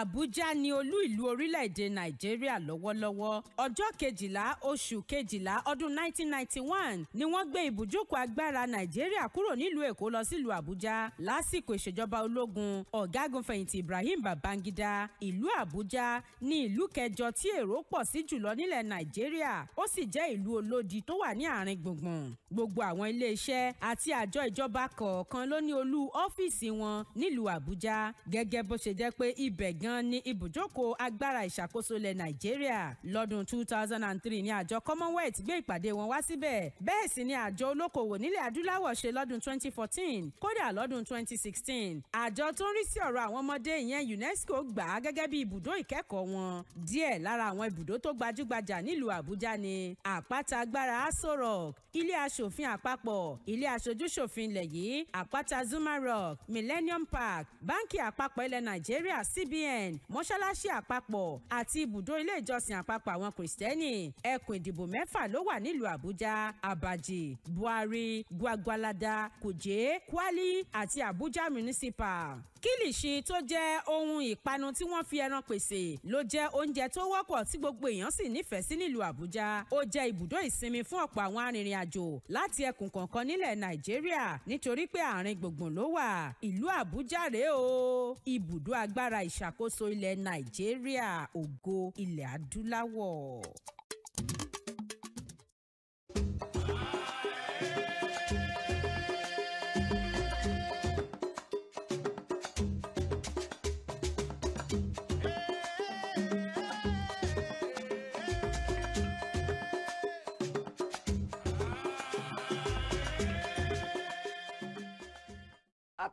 Abuja ni olú ìlú orílẹ̀-èdè Nàìjíríà lọ́wọ́lọ́wọ́ ọjọ́ kejìlá oṣù kejìlá ọdún 1991 ni wọ́n gbé ibùjókòó agbára Nàìjíríà kúrò nílùú Èkó lọ sílùú Àbújá lásìkò ìṣèjọba ológun ọ̀gágun fẹ̀yìntì Ibrahim Babangida ìlú Àbújá ni ìlú kẹjọ tí èrò pọ̀ sí jùlọ nílẹ̀ Nàìjíríà ó sì jẹ́ ìlú olódi tó wà ní àárín gbùngbùn gbogbo àwọn iléeṣẹ́ àti àjọ ìjọba kọ̀ọ̀kan ló ní olú ọ́fíìsì wọn nílùú Àbújá gẹ́gẹ́ bó ṣe jẹ́ pé ibẹ̀ gan náà ní ibùjókòó agbára ìṣàkóso ilẹ̀ nàìjíríà lọ́dún two thousand and three ní àjọ commonwealth gbé ìpàdé wọn wá síbẹ̀ bẹ́ẹ̀ sì ni àjọ olókoòwò nílẹ̀ adúláwọ̀ ṣe lọ́dún twenty fourteen kódà lọ́dún twenty sixteen àjọ tó ń rí sí ọ̀rọ̀ àwọn ọmọdé ìyẹn unesco gbà á gẹ́gẹ́ bí ibùdó ìkẹ́kọ̀ọ́ wọn díẹ̀ lára àwọn ibùdó tó gbajúgbajà nílùú àbújá ni àpáta agbára aso rock ilé aṣòfin àpapọ̀ ilé aṣojúṣòfin ilẹ̀ yìí àpáta zuma rock millennium park báńkì àpapọ̀ ilẹ̀ nàìjíríà cbn cbn mọ́ṣáláṣí àpapọ̀ àti ibùdó ilé ìjọsìn àpapọ̀ àwọn kìrìsìtẹ́nì ẹkùn ìdìbò mẹ́fà ló wà nílùú àbújá àbàjì buhari gwagwalada kùjé kwali àti abuja municipal kílìṣì tó jẹ́ ohun ìpanu tí wọ́n fi ẹran pèsè ló jẹ́ oúnjẹ tó wọ́pọ̀ tí gbogbo èèyàn sì nífẹ̀ẹ́ sí nílùú Àbújá ó jẹ́ ibùdó ìsinmi fún ọ̀pọ̀ àwọn arìnrìn-àjò láti ẹkùn kọ̀ọ̀kan nílẹ̀ Nàìjíríà nítorí pé àárín gbùngbùn ló wà ìlú Àbújá rèé o ibùdó agbára ìṣàkóso ilẹ̀ Nàìjíríà ògo ilẹ̀ adúláwọ̀.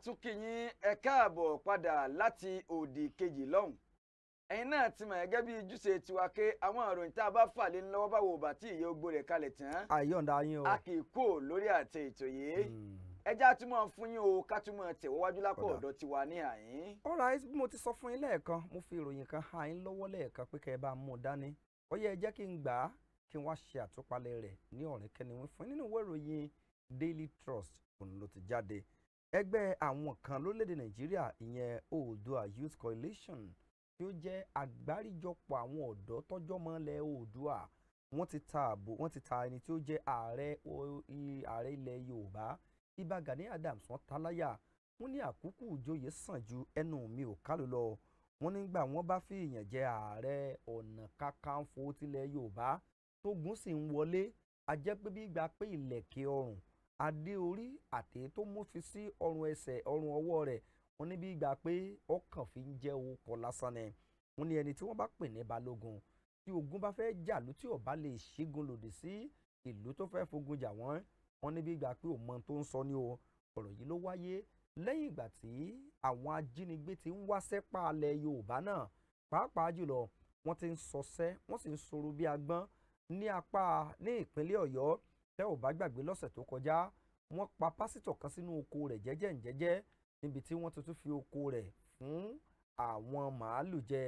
tún kí yín ẹ káàbọ̀ padà láti òdì kejì lọ́hùn ẹ̀yin náà ti mọ̀ tiwa ké àwọn ìròyìn tá a bá fà lé lọ́wọ́ báwo bá tí ìyẹ́ ogbó rẹ̀ kalẹ̀ tán àyọ̀ǹda yín o a kì í kó lórí àtẹ ètò yìí hmm. fún yín o ká tún mọ̀ tẹ̀wọ́wájú lápò ọ̀dọ̀ tiwa ní àyín. mo ti sọ fún yín lẹ́ẹ̀kan mo fi ìròyìn kan ha yín lọ́wọ́ lẹ́ẹ̀kan pé kẹ́ ẹ bá mú n gbà á kí n wá ṣe àtúpalẹ̀ rẹ̀ ní fún Daily Trust òun ló ti jáde ẹgbẹ́ àwọn kan lórílẹ̀‐èdè nàìjíríà ìyẹn oòdùà youth coalition tí ó jẹ́ àgbáríjọpọ̀ àwọn ọ̀dọ́ tọ́jọ́ mọ́lẹ̀ oòdùà wọ́n ti ta ààbò wọ́n ti ta ẹni tí ó jẹ́ ààrẹ ààrẹ ilẹ̀ yorùbá ibà gani adams wọ́n ta láyà wọ́n ní àkúkú ìjòyè sàn ju ẹnu mi ò kálò lọ wọ́n nígbà wọ́n bá fi ìyàn jẹ ààrẹ ọ̀nà kakanfò tilẹ̀ yorùbá tógun sì ń wọlé a jẹ́ pé bí ìgbà ọrùn adé orí àti tó mófi sí ọrùn ẹsẹ̀ ọrùn ọwọ́ rẹ̀ wọ́n ní bí gbà pé ọkàn fi ń jẹ́ okọ̀ lásán ni wọ́n ní ẹni tí wọ́n bá pè ní balógun tí ogun bá fẹ́ jà lú tí ò bá lè ṣígun lòdì sí ìlú tó fẹ́ fogun jà wọ́n wọ́n ní bí gbà pé òun mọ tó ń sọ ni o ọ̀rọ̀ yìí ló wáyé lẹ́yìn ìgbà tí àwọn ajínigbé ti ń wáṣẹ́ paalẹ̀ Yorùbá náà pàápàá jùlọ wọ́n ti ń sọṣẹ́ wọ́n sì ń sọ̀rọ̀ bí agbọ́n ní apá ní ìpínlẹ̀ Ọ̀yọ́ tẹ́ ò bá gbàgbé lọ́sẹ̀ tó kọjá wọ́n pa pásítọ̀ kan sínú oko rẹ̀ jẹ́jẹ́ ǹjẹ́jẹ́ níbi tí wọ́n tuntun fi oko rẹ̀ fún àwọn màálù jẹ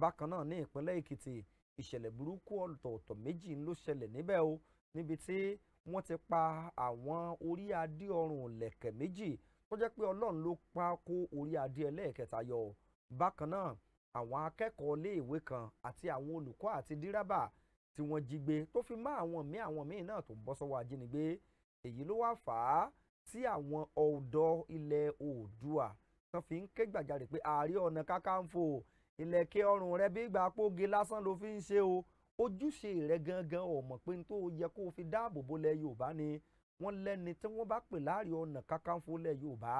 bákan náà ní ìpínlẹ̀ Èkìtì ìṣẹ̀lẹ̀ burúkú ọ̀tọ̀ọ̀tọ̀ méjì ló ṣẹlẹ̀ níbẹ̀ o níbi tí wọ́n ti pa àwọn orí adé ọrùn lẹ̀kẹ̀ méjì tó jẹ́ pé Ọlọ́run ló pa kó orí adé ẹlẹ́ẹ̀kẹta yọ bákan náà àwọn akẹ́kọ̀ọ́ iléèwé kan àti àwọn olùkọ́ àti dírẹ́bà tí wọ́n jí gbé tó fi má àwọn míì àwọn míì náà tó bọ́ sọ́wọ́ ajínigbé èyí ló wá fà á tí àwọn ọ̀dọ́ ilẹ̀ oòdùà kan fi ń ké gbàjarè pé ààrẹ ọ̀nà kákàǹfò ìlẹ̀kẹ̀ ọrùn rẹ bí ìgbà pógi lásán ló fi ń ṣe o ojúṣe rẹ gangan ò mọ̀ pé tó yẹ kó o fi dáàbò bo lẹ̀ yorùbá ni wọ́n lẹ́ni tí wọ́n bá pè láàrẹ ọ̀nà kákàǹfò lẹ̀ yorùbá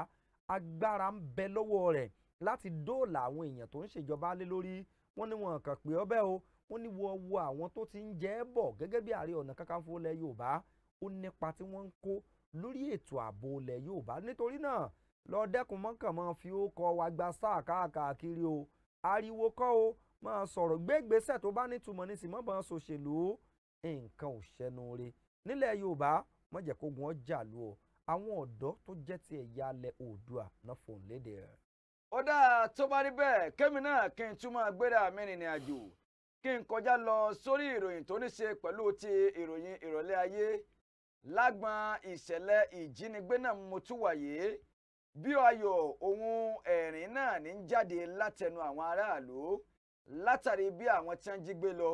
agbára ń bẹ lọ́wọ́ rẹ̀ láti dóòlà àwọn èèyàn tó ń ṣèjọba lé lórí wọ́n ní wọn kàn pé ọbẹ̀ o wọ́n ní wo wo àwọn tó ti ń jẹ́ bọ̀ gẹ́gẹ́ bí ààrẹ ọ̀nà kakanfò ilẹ̀ yorùbá ó nípa tí wọ́n ń kó lórí ètò ààbò ilẹ̀ yorùbá nítorí náà lọ dẹ́kun mọ́kànmọ́ fi ó kọ wa gba sáà káàkiri o ariwo kọ́ o máa sọ̀rọ̀ gbégbèsè tó bá nítumọ̀ ní tìmọ́bọ̀n ṣòṣèlú nǹkan ò ṣẹnuure nílẹ̀ yorùbá mọ̀jẹ̀ kógun ọjà lu o àwọn ọ̀dọ́ tó jẹ́ ti ẹ̀yà alẹ́ oòdùà náà fòun léde rẹ̀. ó dáa tó bá rí bẹ́ẹ̀ kémi náà kí n tún gbéra mi rìnrìn àjò kí n kọjá lọ sórí ìròyìn tó ní ṣe pẹ̀lú ti ìròyìn ìrọ̀lẹ́ ayé lágbọn ìṣẹ̀lẹ̀ ìjínigbé náà mo tún wà yìí bí ayọ̀ ohun ẹ̀rín náà ní jáde látẹnu àwọn aráàlú látàrí bí àwọn tí wọ́n jí gbé lọ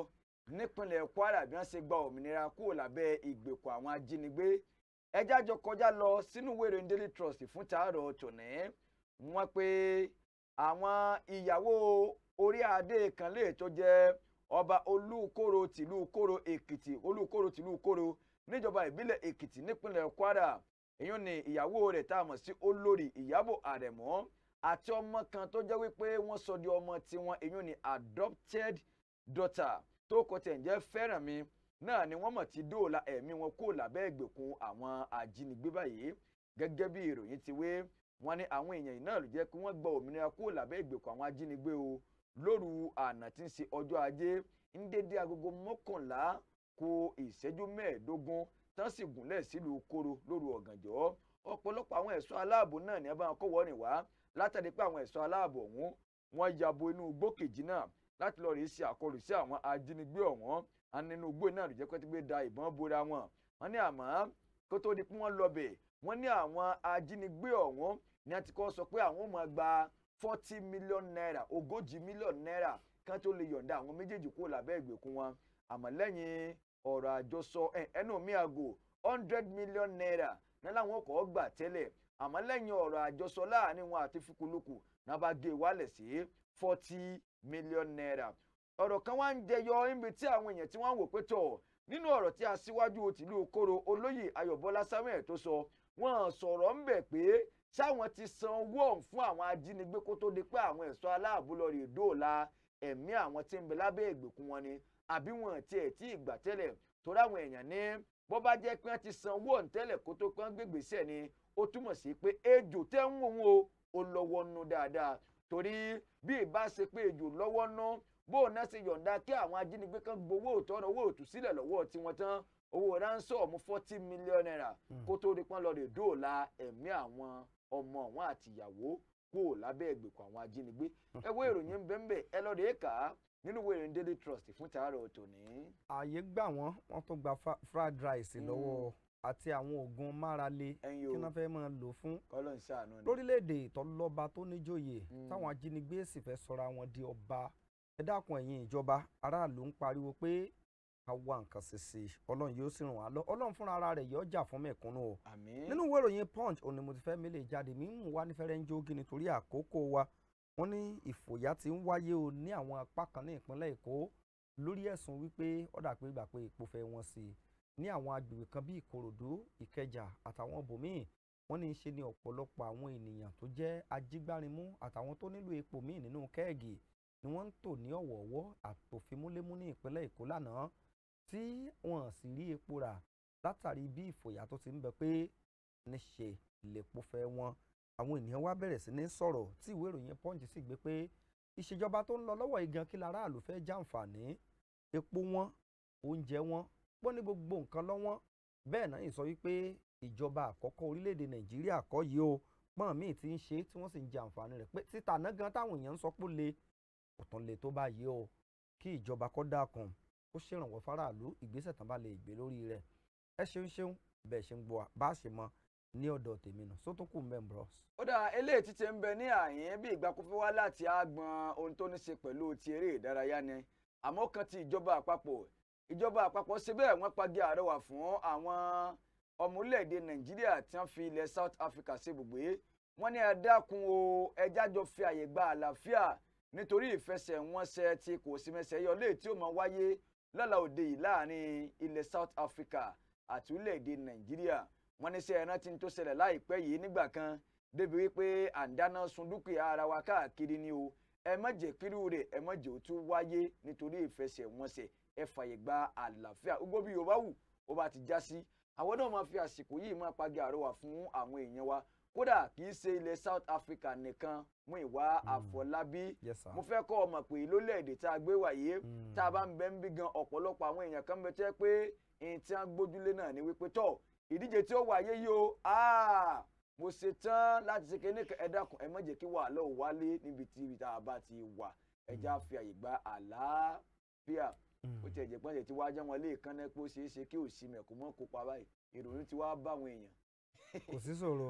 nípínlẹ̀ Kwara bí wọ́n ṣe gba òmìnira kúrò lábẹ́ ìgbèkùn àwọn ajínigbé ẹjá jọ kọjá lọ sínú wèrè Daily Trust fún tàárọ̀ tòní wọ́n pe àwọn ìyàwó orí adé kan lè tó jẹ́ ọba olúkòrò tìlú kòrò èkìtì olúkòrò tìlú kòrò níjọba ìbílẹ̀ èkìtì nípínlẹ̀ kwara èyàn ni ìyàwó rẹ̀ tá a mọ̀ sí olórí ìyábọ̀ àrẹ̀mọ́ àti ọmọ kan tó jẹ́ wípé wọ́n sọ di ọmọ tiwọn èyàn ni adopted daughter tó kọ tẹ̀ ń jẹ́ Fẹ́rànmi náà ni wọ́n mọ̀ ti dóòlà ẹ̀mí wọn kó lábẹ́ ìgbèkùn àwọn ajínigbé báyìí gẹ́gẹ́ bí ìròyìn ti wé wọ́n ní àwọn èèyàn náà ló jẹ́ kí wọ́n gba òmìnira kó lábẹ́ ìgbèkùn àwọn ajínigbé o lóru àná tí ń ṣe ọjọ́ ajé ń dédé agogo mọ́kànlá kù ìṣẹ́jú mẹ́ẹ̀ẹ́dógún tán sì gúnlẹ̀ sílùú koro lóru ọ̀gànjọ́ ọ̀pọ̀lọpọ̀ àwọn ẹ̀ṣọ́ aláàbò náà ní abáwọn kó wọ́ọ̀rìn wá látàrí pé àwọn ẹ̀ṣọ́ aláàbò ọ̀hún wọ́n ya bo inú igbó kejì náà láti lọ́ọ́ rí ṣe àkọlù sí àwọn ajínigbé ọ̀hún a nínú náà ló jẹ́ pẹ́tẹ́gbé da ìbọn bora wọn wọ́n ní àmọ́ kó tó di pé wọ́n lọ bẹ̀ wọ́n ní àwọn ajínigbé ọ̀hún ni a ti kọ́ sọ pé àwọn ò máa gba forty million naira ogójì million naira kan tó lè yọ̀ǹda àwọn méjèèjì kúrò lábẹ́ ìgbèkùn wọn àmọ́ lẹ́yìn ọ̀rọ̀ àjọsọ ẹnu mi àgò hundred million naira náà làwọn kò gbà tẹ́lẹ̀ àmọ́ lẹ́yìn ọ̀rọ̀ àjọsọ láàrin wọn àti Fikuluku náà bá gé e wálẹ̀ sí forty million naira ọ̀rọ̀ kan wá ń jẹyọ níbi tí àwọn èèyàn tí wọ́n wò pé tọ̀ nínú ọ̀rọ̀ tí aṣíwájú tìlú Koro olóyè Ayọ̀bọ́lá Samuel tó sọ wọ́n sọ̀rọ̀ ń bẹ̀ pé ṣáwọn ti san owó ọ̀hún fún àwọn ajínigbé kó tó di pé àwọn ẹ̀ṣọ́ aláàbò lọ rè dóòlà ẹ̀mí àwọn tí ń bẹ lábẹ́ ìgbèkùn wọn ni àbí wọn tiẹ̀ tí ìgbà tẹ́lẹ̀ torí àwọn èèyàn ní bó bá jẹ́ pé wọ́n ti san owó ọ̀hún tẹ́lẹ̀ kó tó pọ́n gbègbèsẹ̀ ni ó túmọ̀ sí pé ejò tẹ́ ń wò wọ́n o lọ́wọ́ nú dáadáa torí bí ìbá ṣe pé ejò lọ́wọ́ nú bóun náà ṣe yọ̀ǹda kí àwọn ajínigbé kan gbowó ìtọ́nà owó ìtúsílẹ̀ lọ́wọ́ tiwọn tán owó ránṣọ́ọ̀mù forty million naira hmm. kó tó di pọ́n lọ́ọ́ rè dóòlà ẹ̀mí àwọn ọmọ àwọn àtìyàwó kúrò lábẹ́ ìgbèkùn àwọn ajínigbé hmm. ẹ wo ìròyìn bẹ́ẹ̀ ẹ lọ́ọ́ rèé kà á nínú ìwé Daily Trust fún tàárọ̀ tòní. ààyè gbà wọ́n wọ́n tó gba fried rice hmm. lọ́wọ́ àti àwọn oògùn márale kí wọ́n fẹ́ẹ́ máa lò fún. kọ́lọ́n ṣàánú ni. lórílẹ̀‐èdè ìtọ́lọ́ba tó níjòyè hmm. táwọn ajínigbé sì fẹ́ sọra wọn di ọba ẹ dákun ẹ̀yin ìjọba aráàlú ń pariwo pé ká wá nǹkan ṣe sí ọlọ́run yóò sì ràn wá lọ ọlọ́run fúnra ara rẹ̀ yóò jà fún mẹ̀kúnnù o. nínú ìwé ìròyìn punch òní mo ti fẹ́ mi lè jáde mi ń wá ní fẹ́rẹ́ ń jógi nítorí àkókò wa wọ́n ní ìfòyà ti ń wáyé o ní àwọn apá kan ní ìpínlẹ̀ èkó lórí ẹ̀sùn wípé ọ̀dà pé gbà pé epo fẹ́ wọ́n sí i ní àwọn agbègbè kan bíi ìkòròdú ìkẹjà àtàwọn ibòmíì wọ́n ní í ṣe ní ọ̀pọ̀lọpọ̀ tí wọn sì rí epo rà látàrí bí ìfòyà tó ti ń bẹ pé níṣe lèpo fẹ́ wọn àwọn ènìyàn wá bẹ̀rẹ̀ sí ní sọ̀rọ̀ tí ìwé ìròyìn punch sì gbé pé ìṣèjọba tó ń lọ lọ́wọ́ igan kí laraàlú fẹ́ jàǹfààní epo wọn oúnjẹ wọn wọ́n ní gbogbo nǹkan lọ́wọ́n bẹ́ẹ̀ náà sọ wípé ìjọba àkọ́kọ́ orílẹ̀-èdè nàìjíríà kọ́ yìí o pọ́n míì ti ń ṣe tí wọ́n sì ń jẹ àǹfààní rẹ̀ pé títà náà gan táwọn èèyàn ń sọ pé le kò le tó báyìí o kí ìjọba kọ́ dákun kó ṣèrànwọ́ faraàlú ìgbésẹ̀ tán bá lè gbé lórí rẹ̀ ẹ ṣeun ṣeun bẹ́ẹ̀ ṣe ń gbọ́ bá a ṣe mọ ní ọ̀dọ̀ tèmi nù sótúnkù membros. ó dà eléyìí ti ṣe ń bẹ ní àyín bí ìgbà kó fẹ́ wá láti àgbọn ohun tó ní ṣe pẹ̀lú ti eré ìdárayá ni àmọ́ kan ti ìjọba àpapọ̀ ìjọba àpapọ̀ ṣe bẹ́ẹ̀ wọ́n pagi àrẹwà fún àwọn ọmọ èdè nàìjíríà tí wọ́n fi ilẹ̀ south africa ṣe ibùgbé wọ́n ní ẹ o ẹjá jọ fi àyè gba àlàáfíà nítorí ìfẹsẹ̀wọnsẹ̀ tí kò sí mẹsẹ̀ yọ lọ́la òde yìí láàrin ilẹ̀ South Africa àti orílẹ̀-èdè Nàìjíríà wọ́n ní sẹ́ ẹran tí ń tó ṣẹlẹ̀ láìpẹ́ yìí nígbà kan débi wípé à ń dáná sun dúkìá ara wa káàkiri ni o ẹ má jẹ́ kírú rẹ̀ ẹ má jẹ́ tún wáyé nítorí ìfẹsẹ̀wọnsẹ̀ ẹ fàyè gba àlàáfíà gbogbo bí Yorùbá wù ó bá ti já sí àwọn náà máa fi àsìkò yìí máa pagi àrọwà fún àwọn èèyàn wa kódà kì í ṣe ilẹ̀ South Africa nìkan mú ìwà àfọlábí hmm. mo fẹ́ kọ́ ọmọ pé lólẹ́èdè tá a gbé wàyé hmm. tá a bá ń bẹ́ ń bí gan ọ̀pọ̀lọpọ̀ àwọn èèyàn kan bẹ tẹ́ pé ẹni tí wọ́n gbójúlé náà ni wípé tọ́ ìdíje tí ó wáyé yìí o mo ṣe tán láti ṣe kéne ẹ dákun ẹ má jẹ́ kí wàhálà ò wálé níbi tí ibi tá a bá ti wà ẹja hmm. fi àyè gba àlàáfíà ó ti ẹ̀jẹ̀ pọ́njẹ̀ tí wàá jẹ́ wọn lé ìkànnẹ́ pé kí òsì mẹ̀kú mọ́ kópa báyìí ìròyìn ti wá bá èèyàn kò sí ṣòro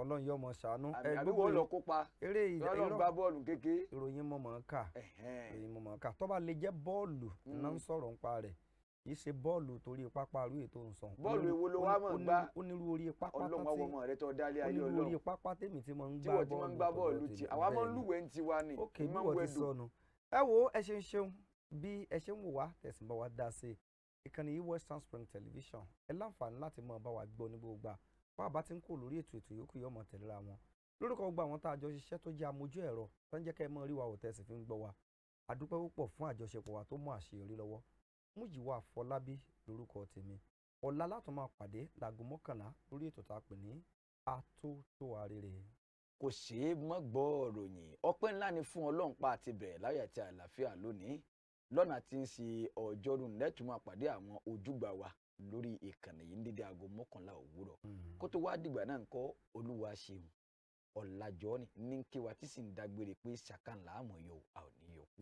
ọlọ́run yóò mọ̀ ṣàánú ẹgbẹ́ lọ kópa eré ìrọ̀lọ́gba bọ́ọ̀lù kéke ìròyìn mọ̀mọ́ ká ìròyìn mọ̀mọ́ ká tó bá lè jẹ́ bọ́ọ̀lù mm. iná ń sọ̀rọ̀ nípa rẹ̀ kì í ṣe bọ́ọ̀lù torí pápá arú ètò nsàn. bọ́ọ̀lù èwo ló wá mọ̀ ń gbá onírúurú pápá tí ọlọ́mọ ọmọ tó dálé onírúurú pápá tèmi tí mo ń gbá bọ́ọ̀lù tí wọ́n ti gbá bọ́ọ̀lù tí àwa máa ń lúwẹ̀ ń tiwa ni. ok bí wọ́n ti sọnù ẹ wo ẹ ṣe ń ṣeun bí ẹ ṣe ń wò wá tẹ̀sìn bá wa dá sí i ìkànnì yìí Western Spring Television ẹ láǹfààní láti mọ bá wa gbọ́ ní gbogbo gbà bá a bá ti ń kó lórí ètò ètò yòókù yóò mọ̀ tẹ̀léra wọn lórúkọ gbogbo àwọn tá a jọ ṣiṣẹ́ tó jẹ́ amójú ẹ̀rọ tó ń jẹ́ kẹ́ ẹ mọ́ rí wa òtẹ́ sì fi ń gbọ́ wa àdúpẹ́ púpọ̀ fún àjọṣepọ̀ wa tó mú àṣeyọrí lọ́wọ́ Múyìwá Afọlábí lórúkọ tèmi ọ̀la látún máa pàdé láago mọ́kànlá lórí ètò tá a pè ní atótó arére. ni fún Ọlọ́run pa àti bẹ̀rẹ̀ láyọ̀ àti àlàáfíà lọ́nà tí ń ṣe ọjọ́rú nẹ́tùmọ̀ àpàdé àwọn ojúgbà wa lórí ìkànnì yìí ní dédé aago mọ́kànlá òwúrọ̀ hmm. kó tó wá dìgbà náà ń kọ́ olúwa ṣeun ọ̀làjọ́ ni ní kí wa tí sì ń dágbére pé ṣàkànlá àmọ̀ yọ a ò kú.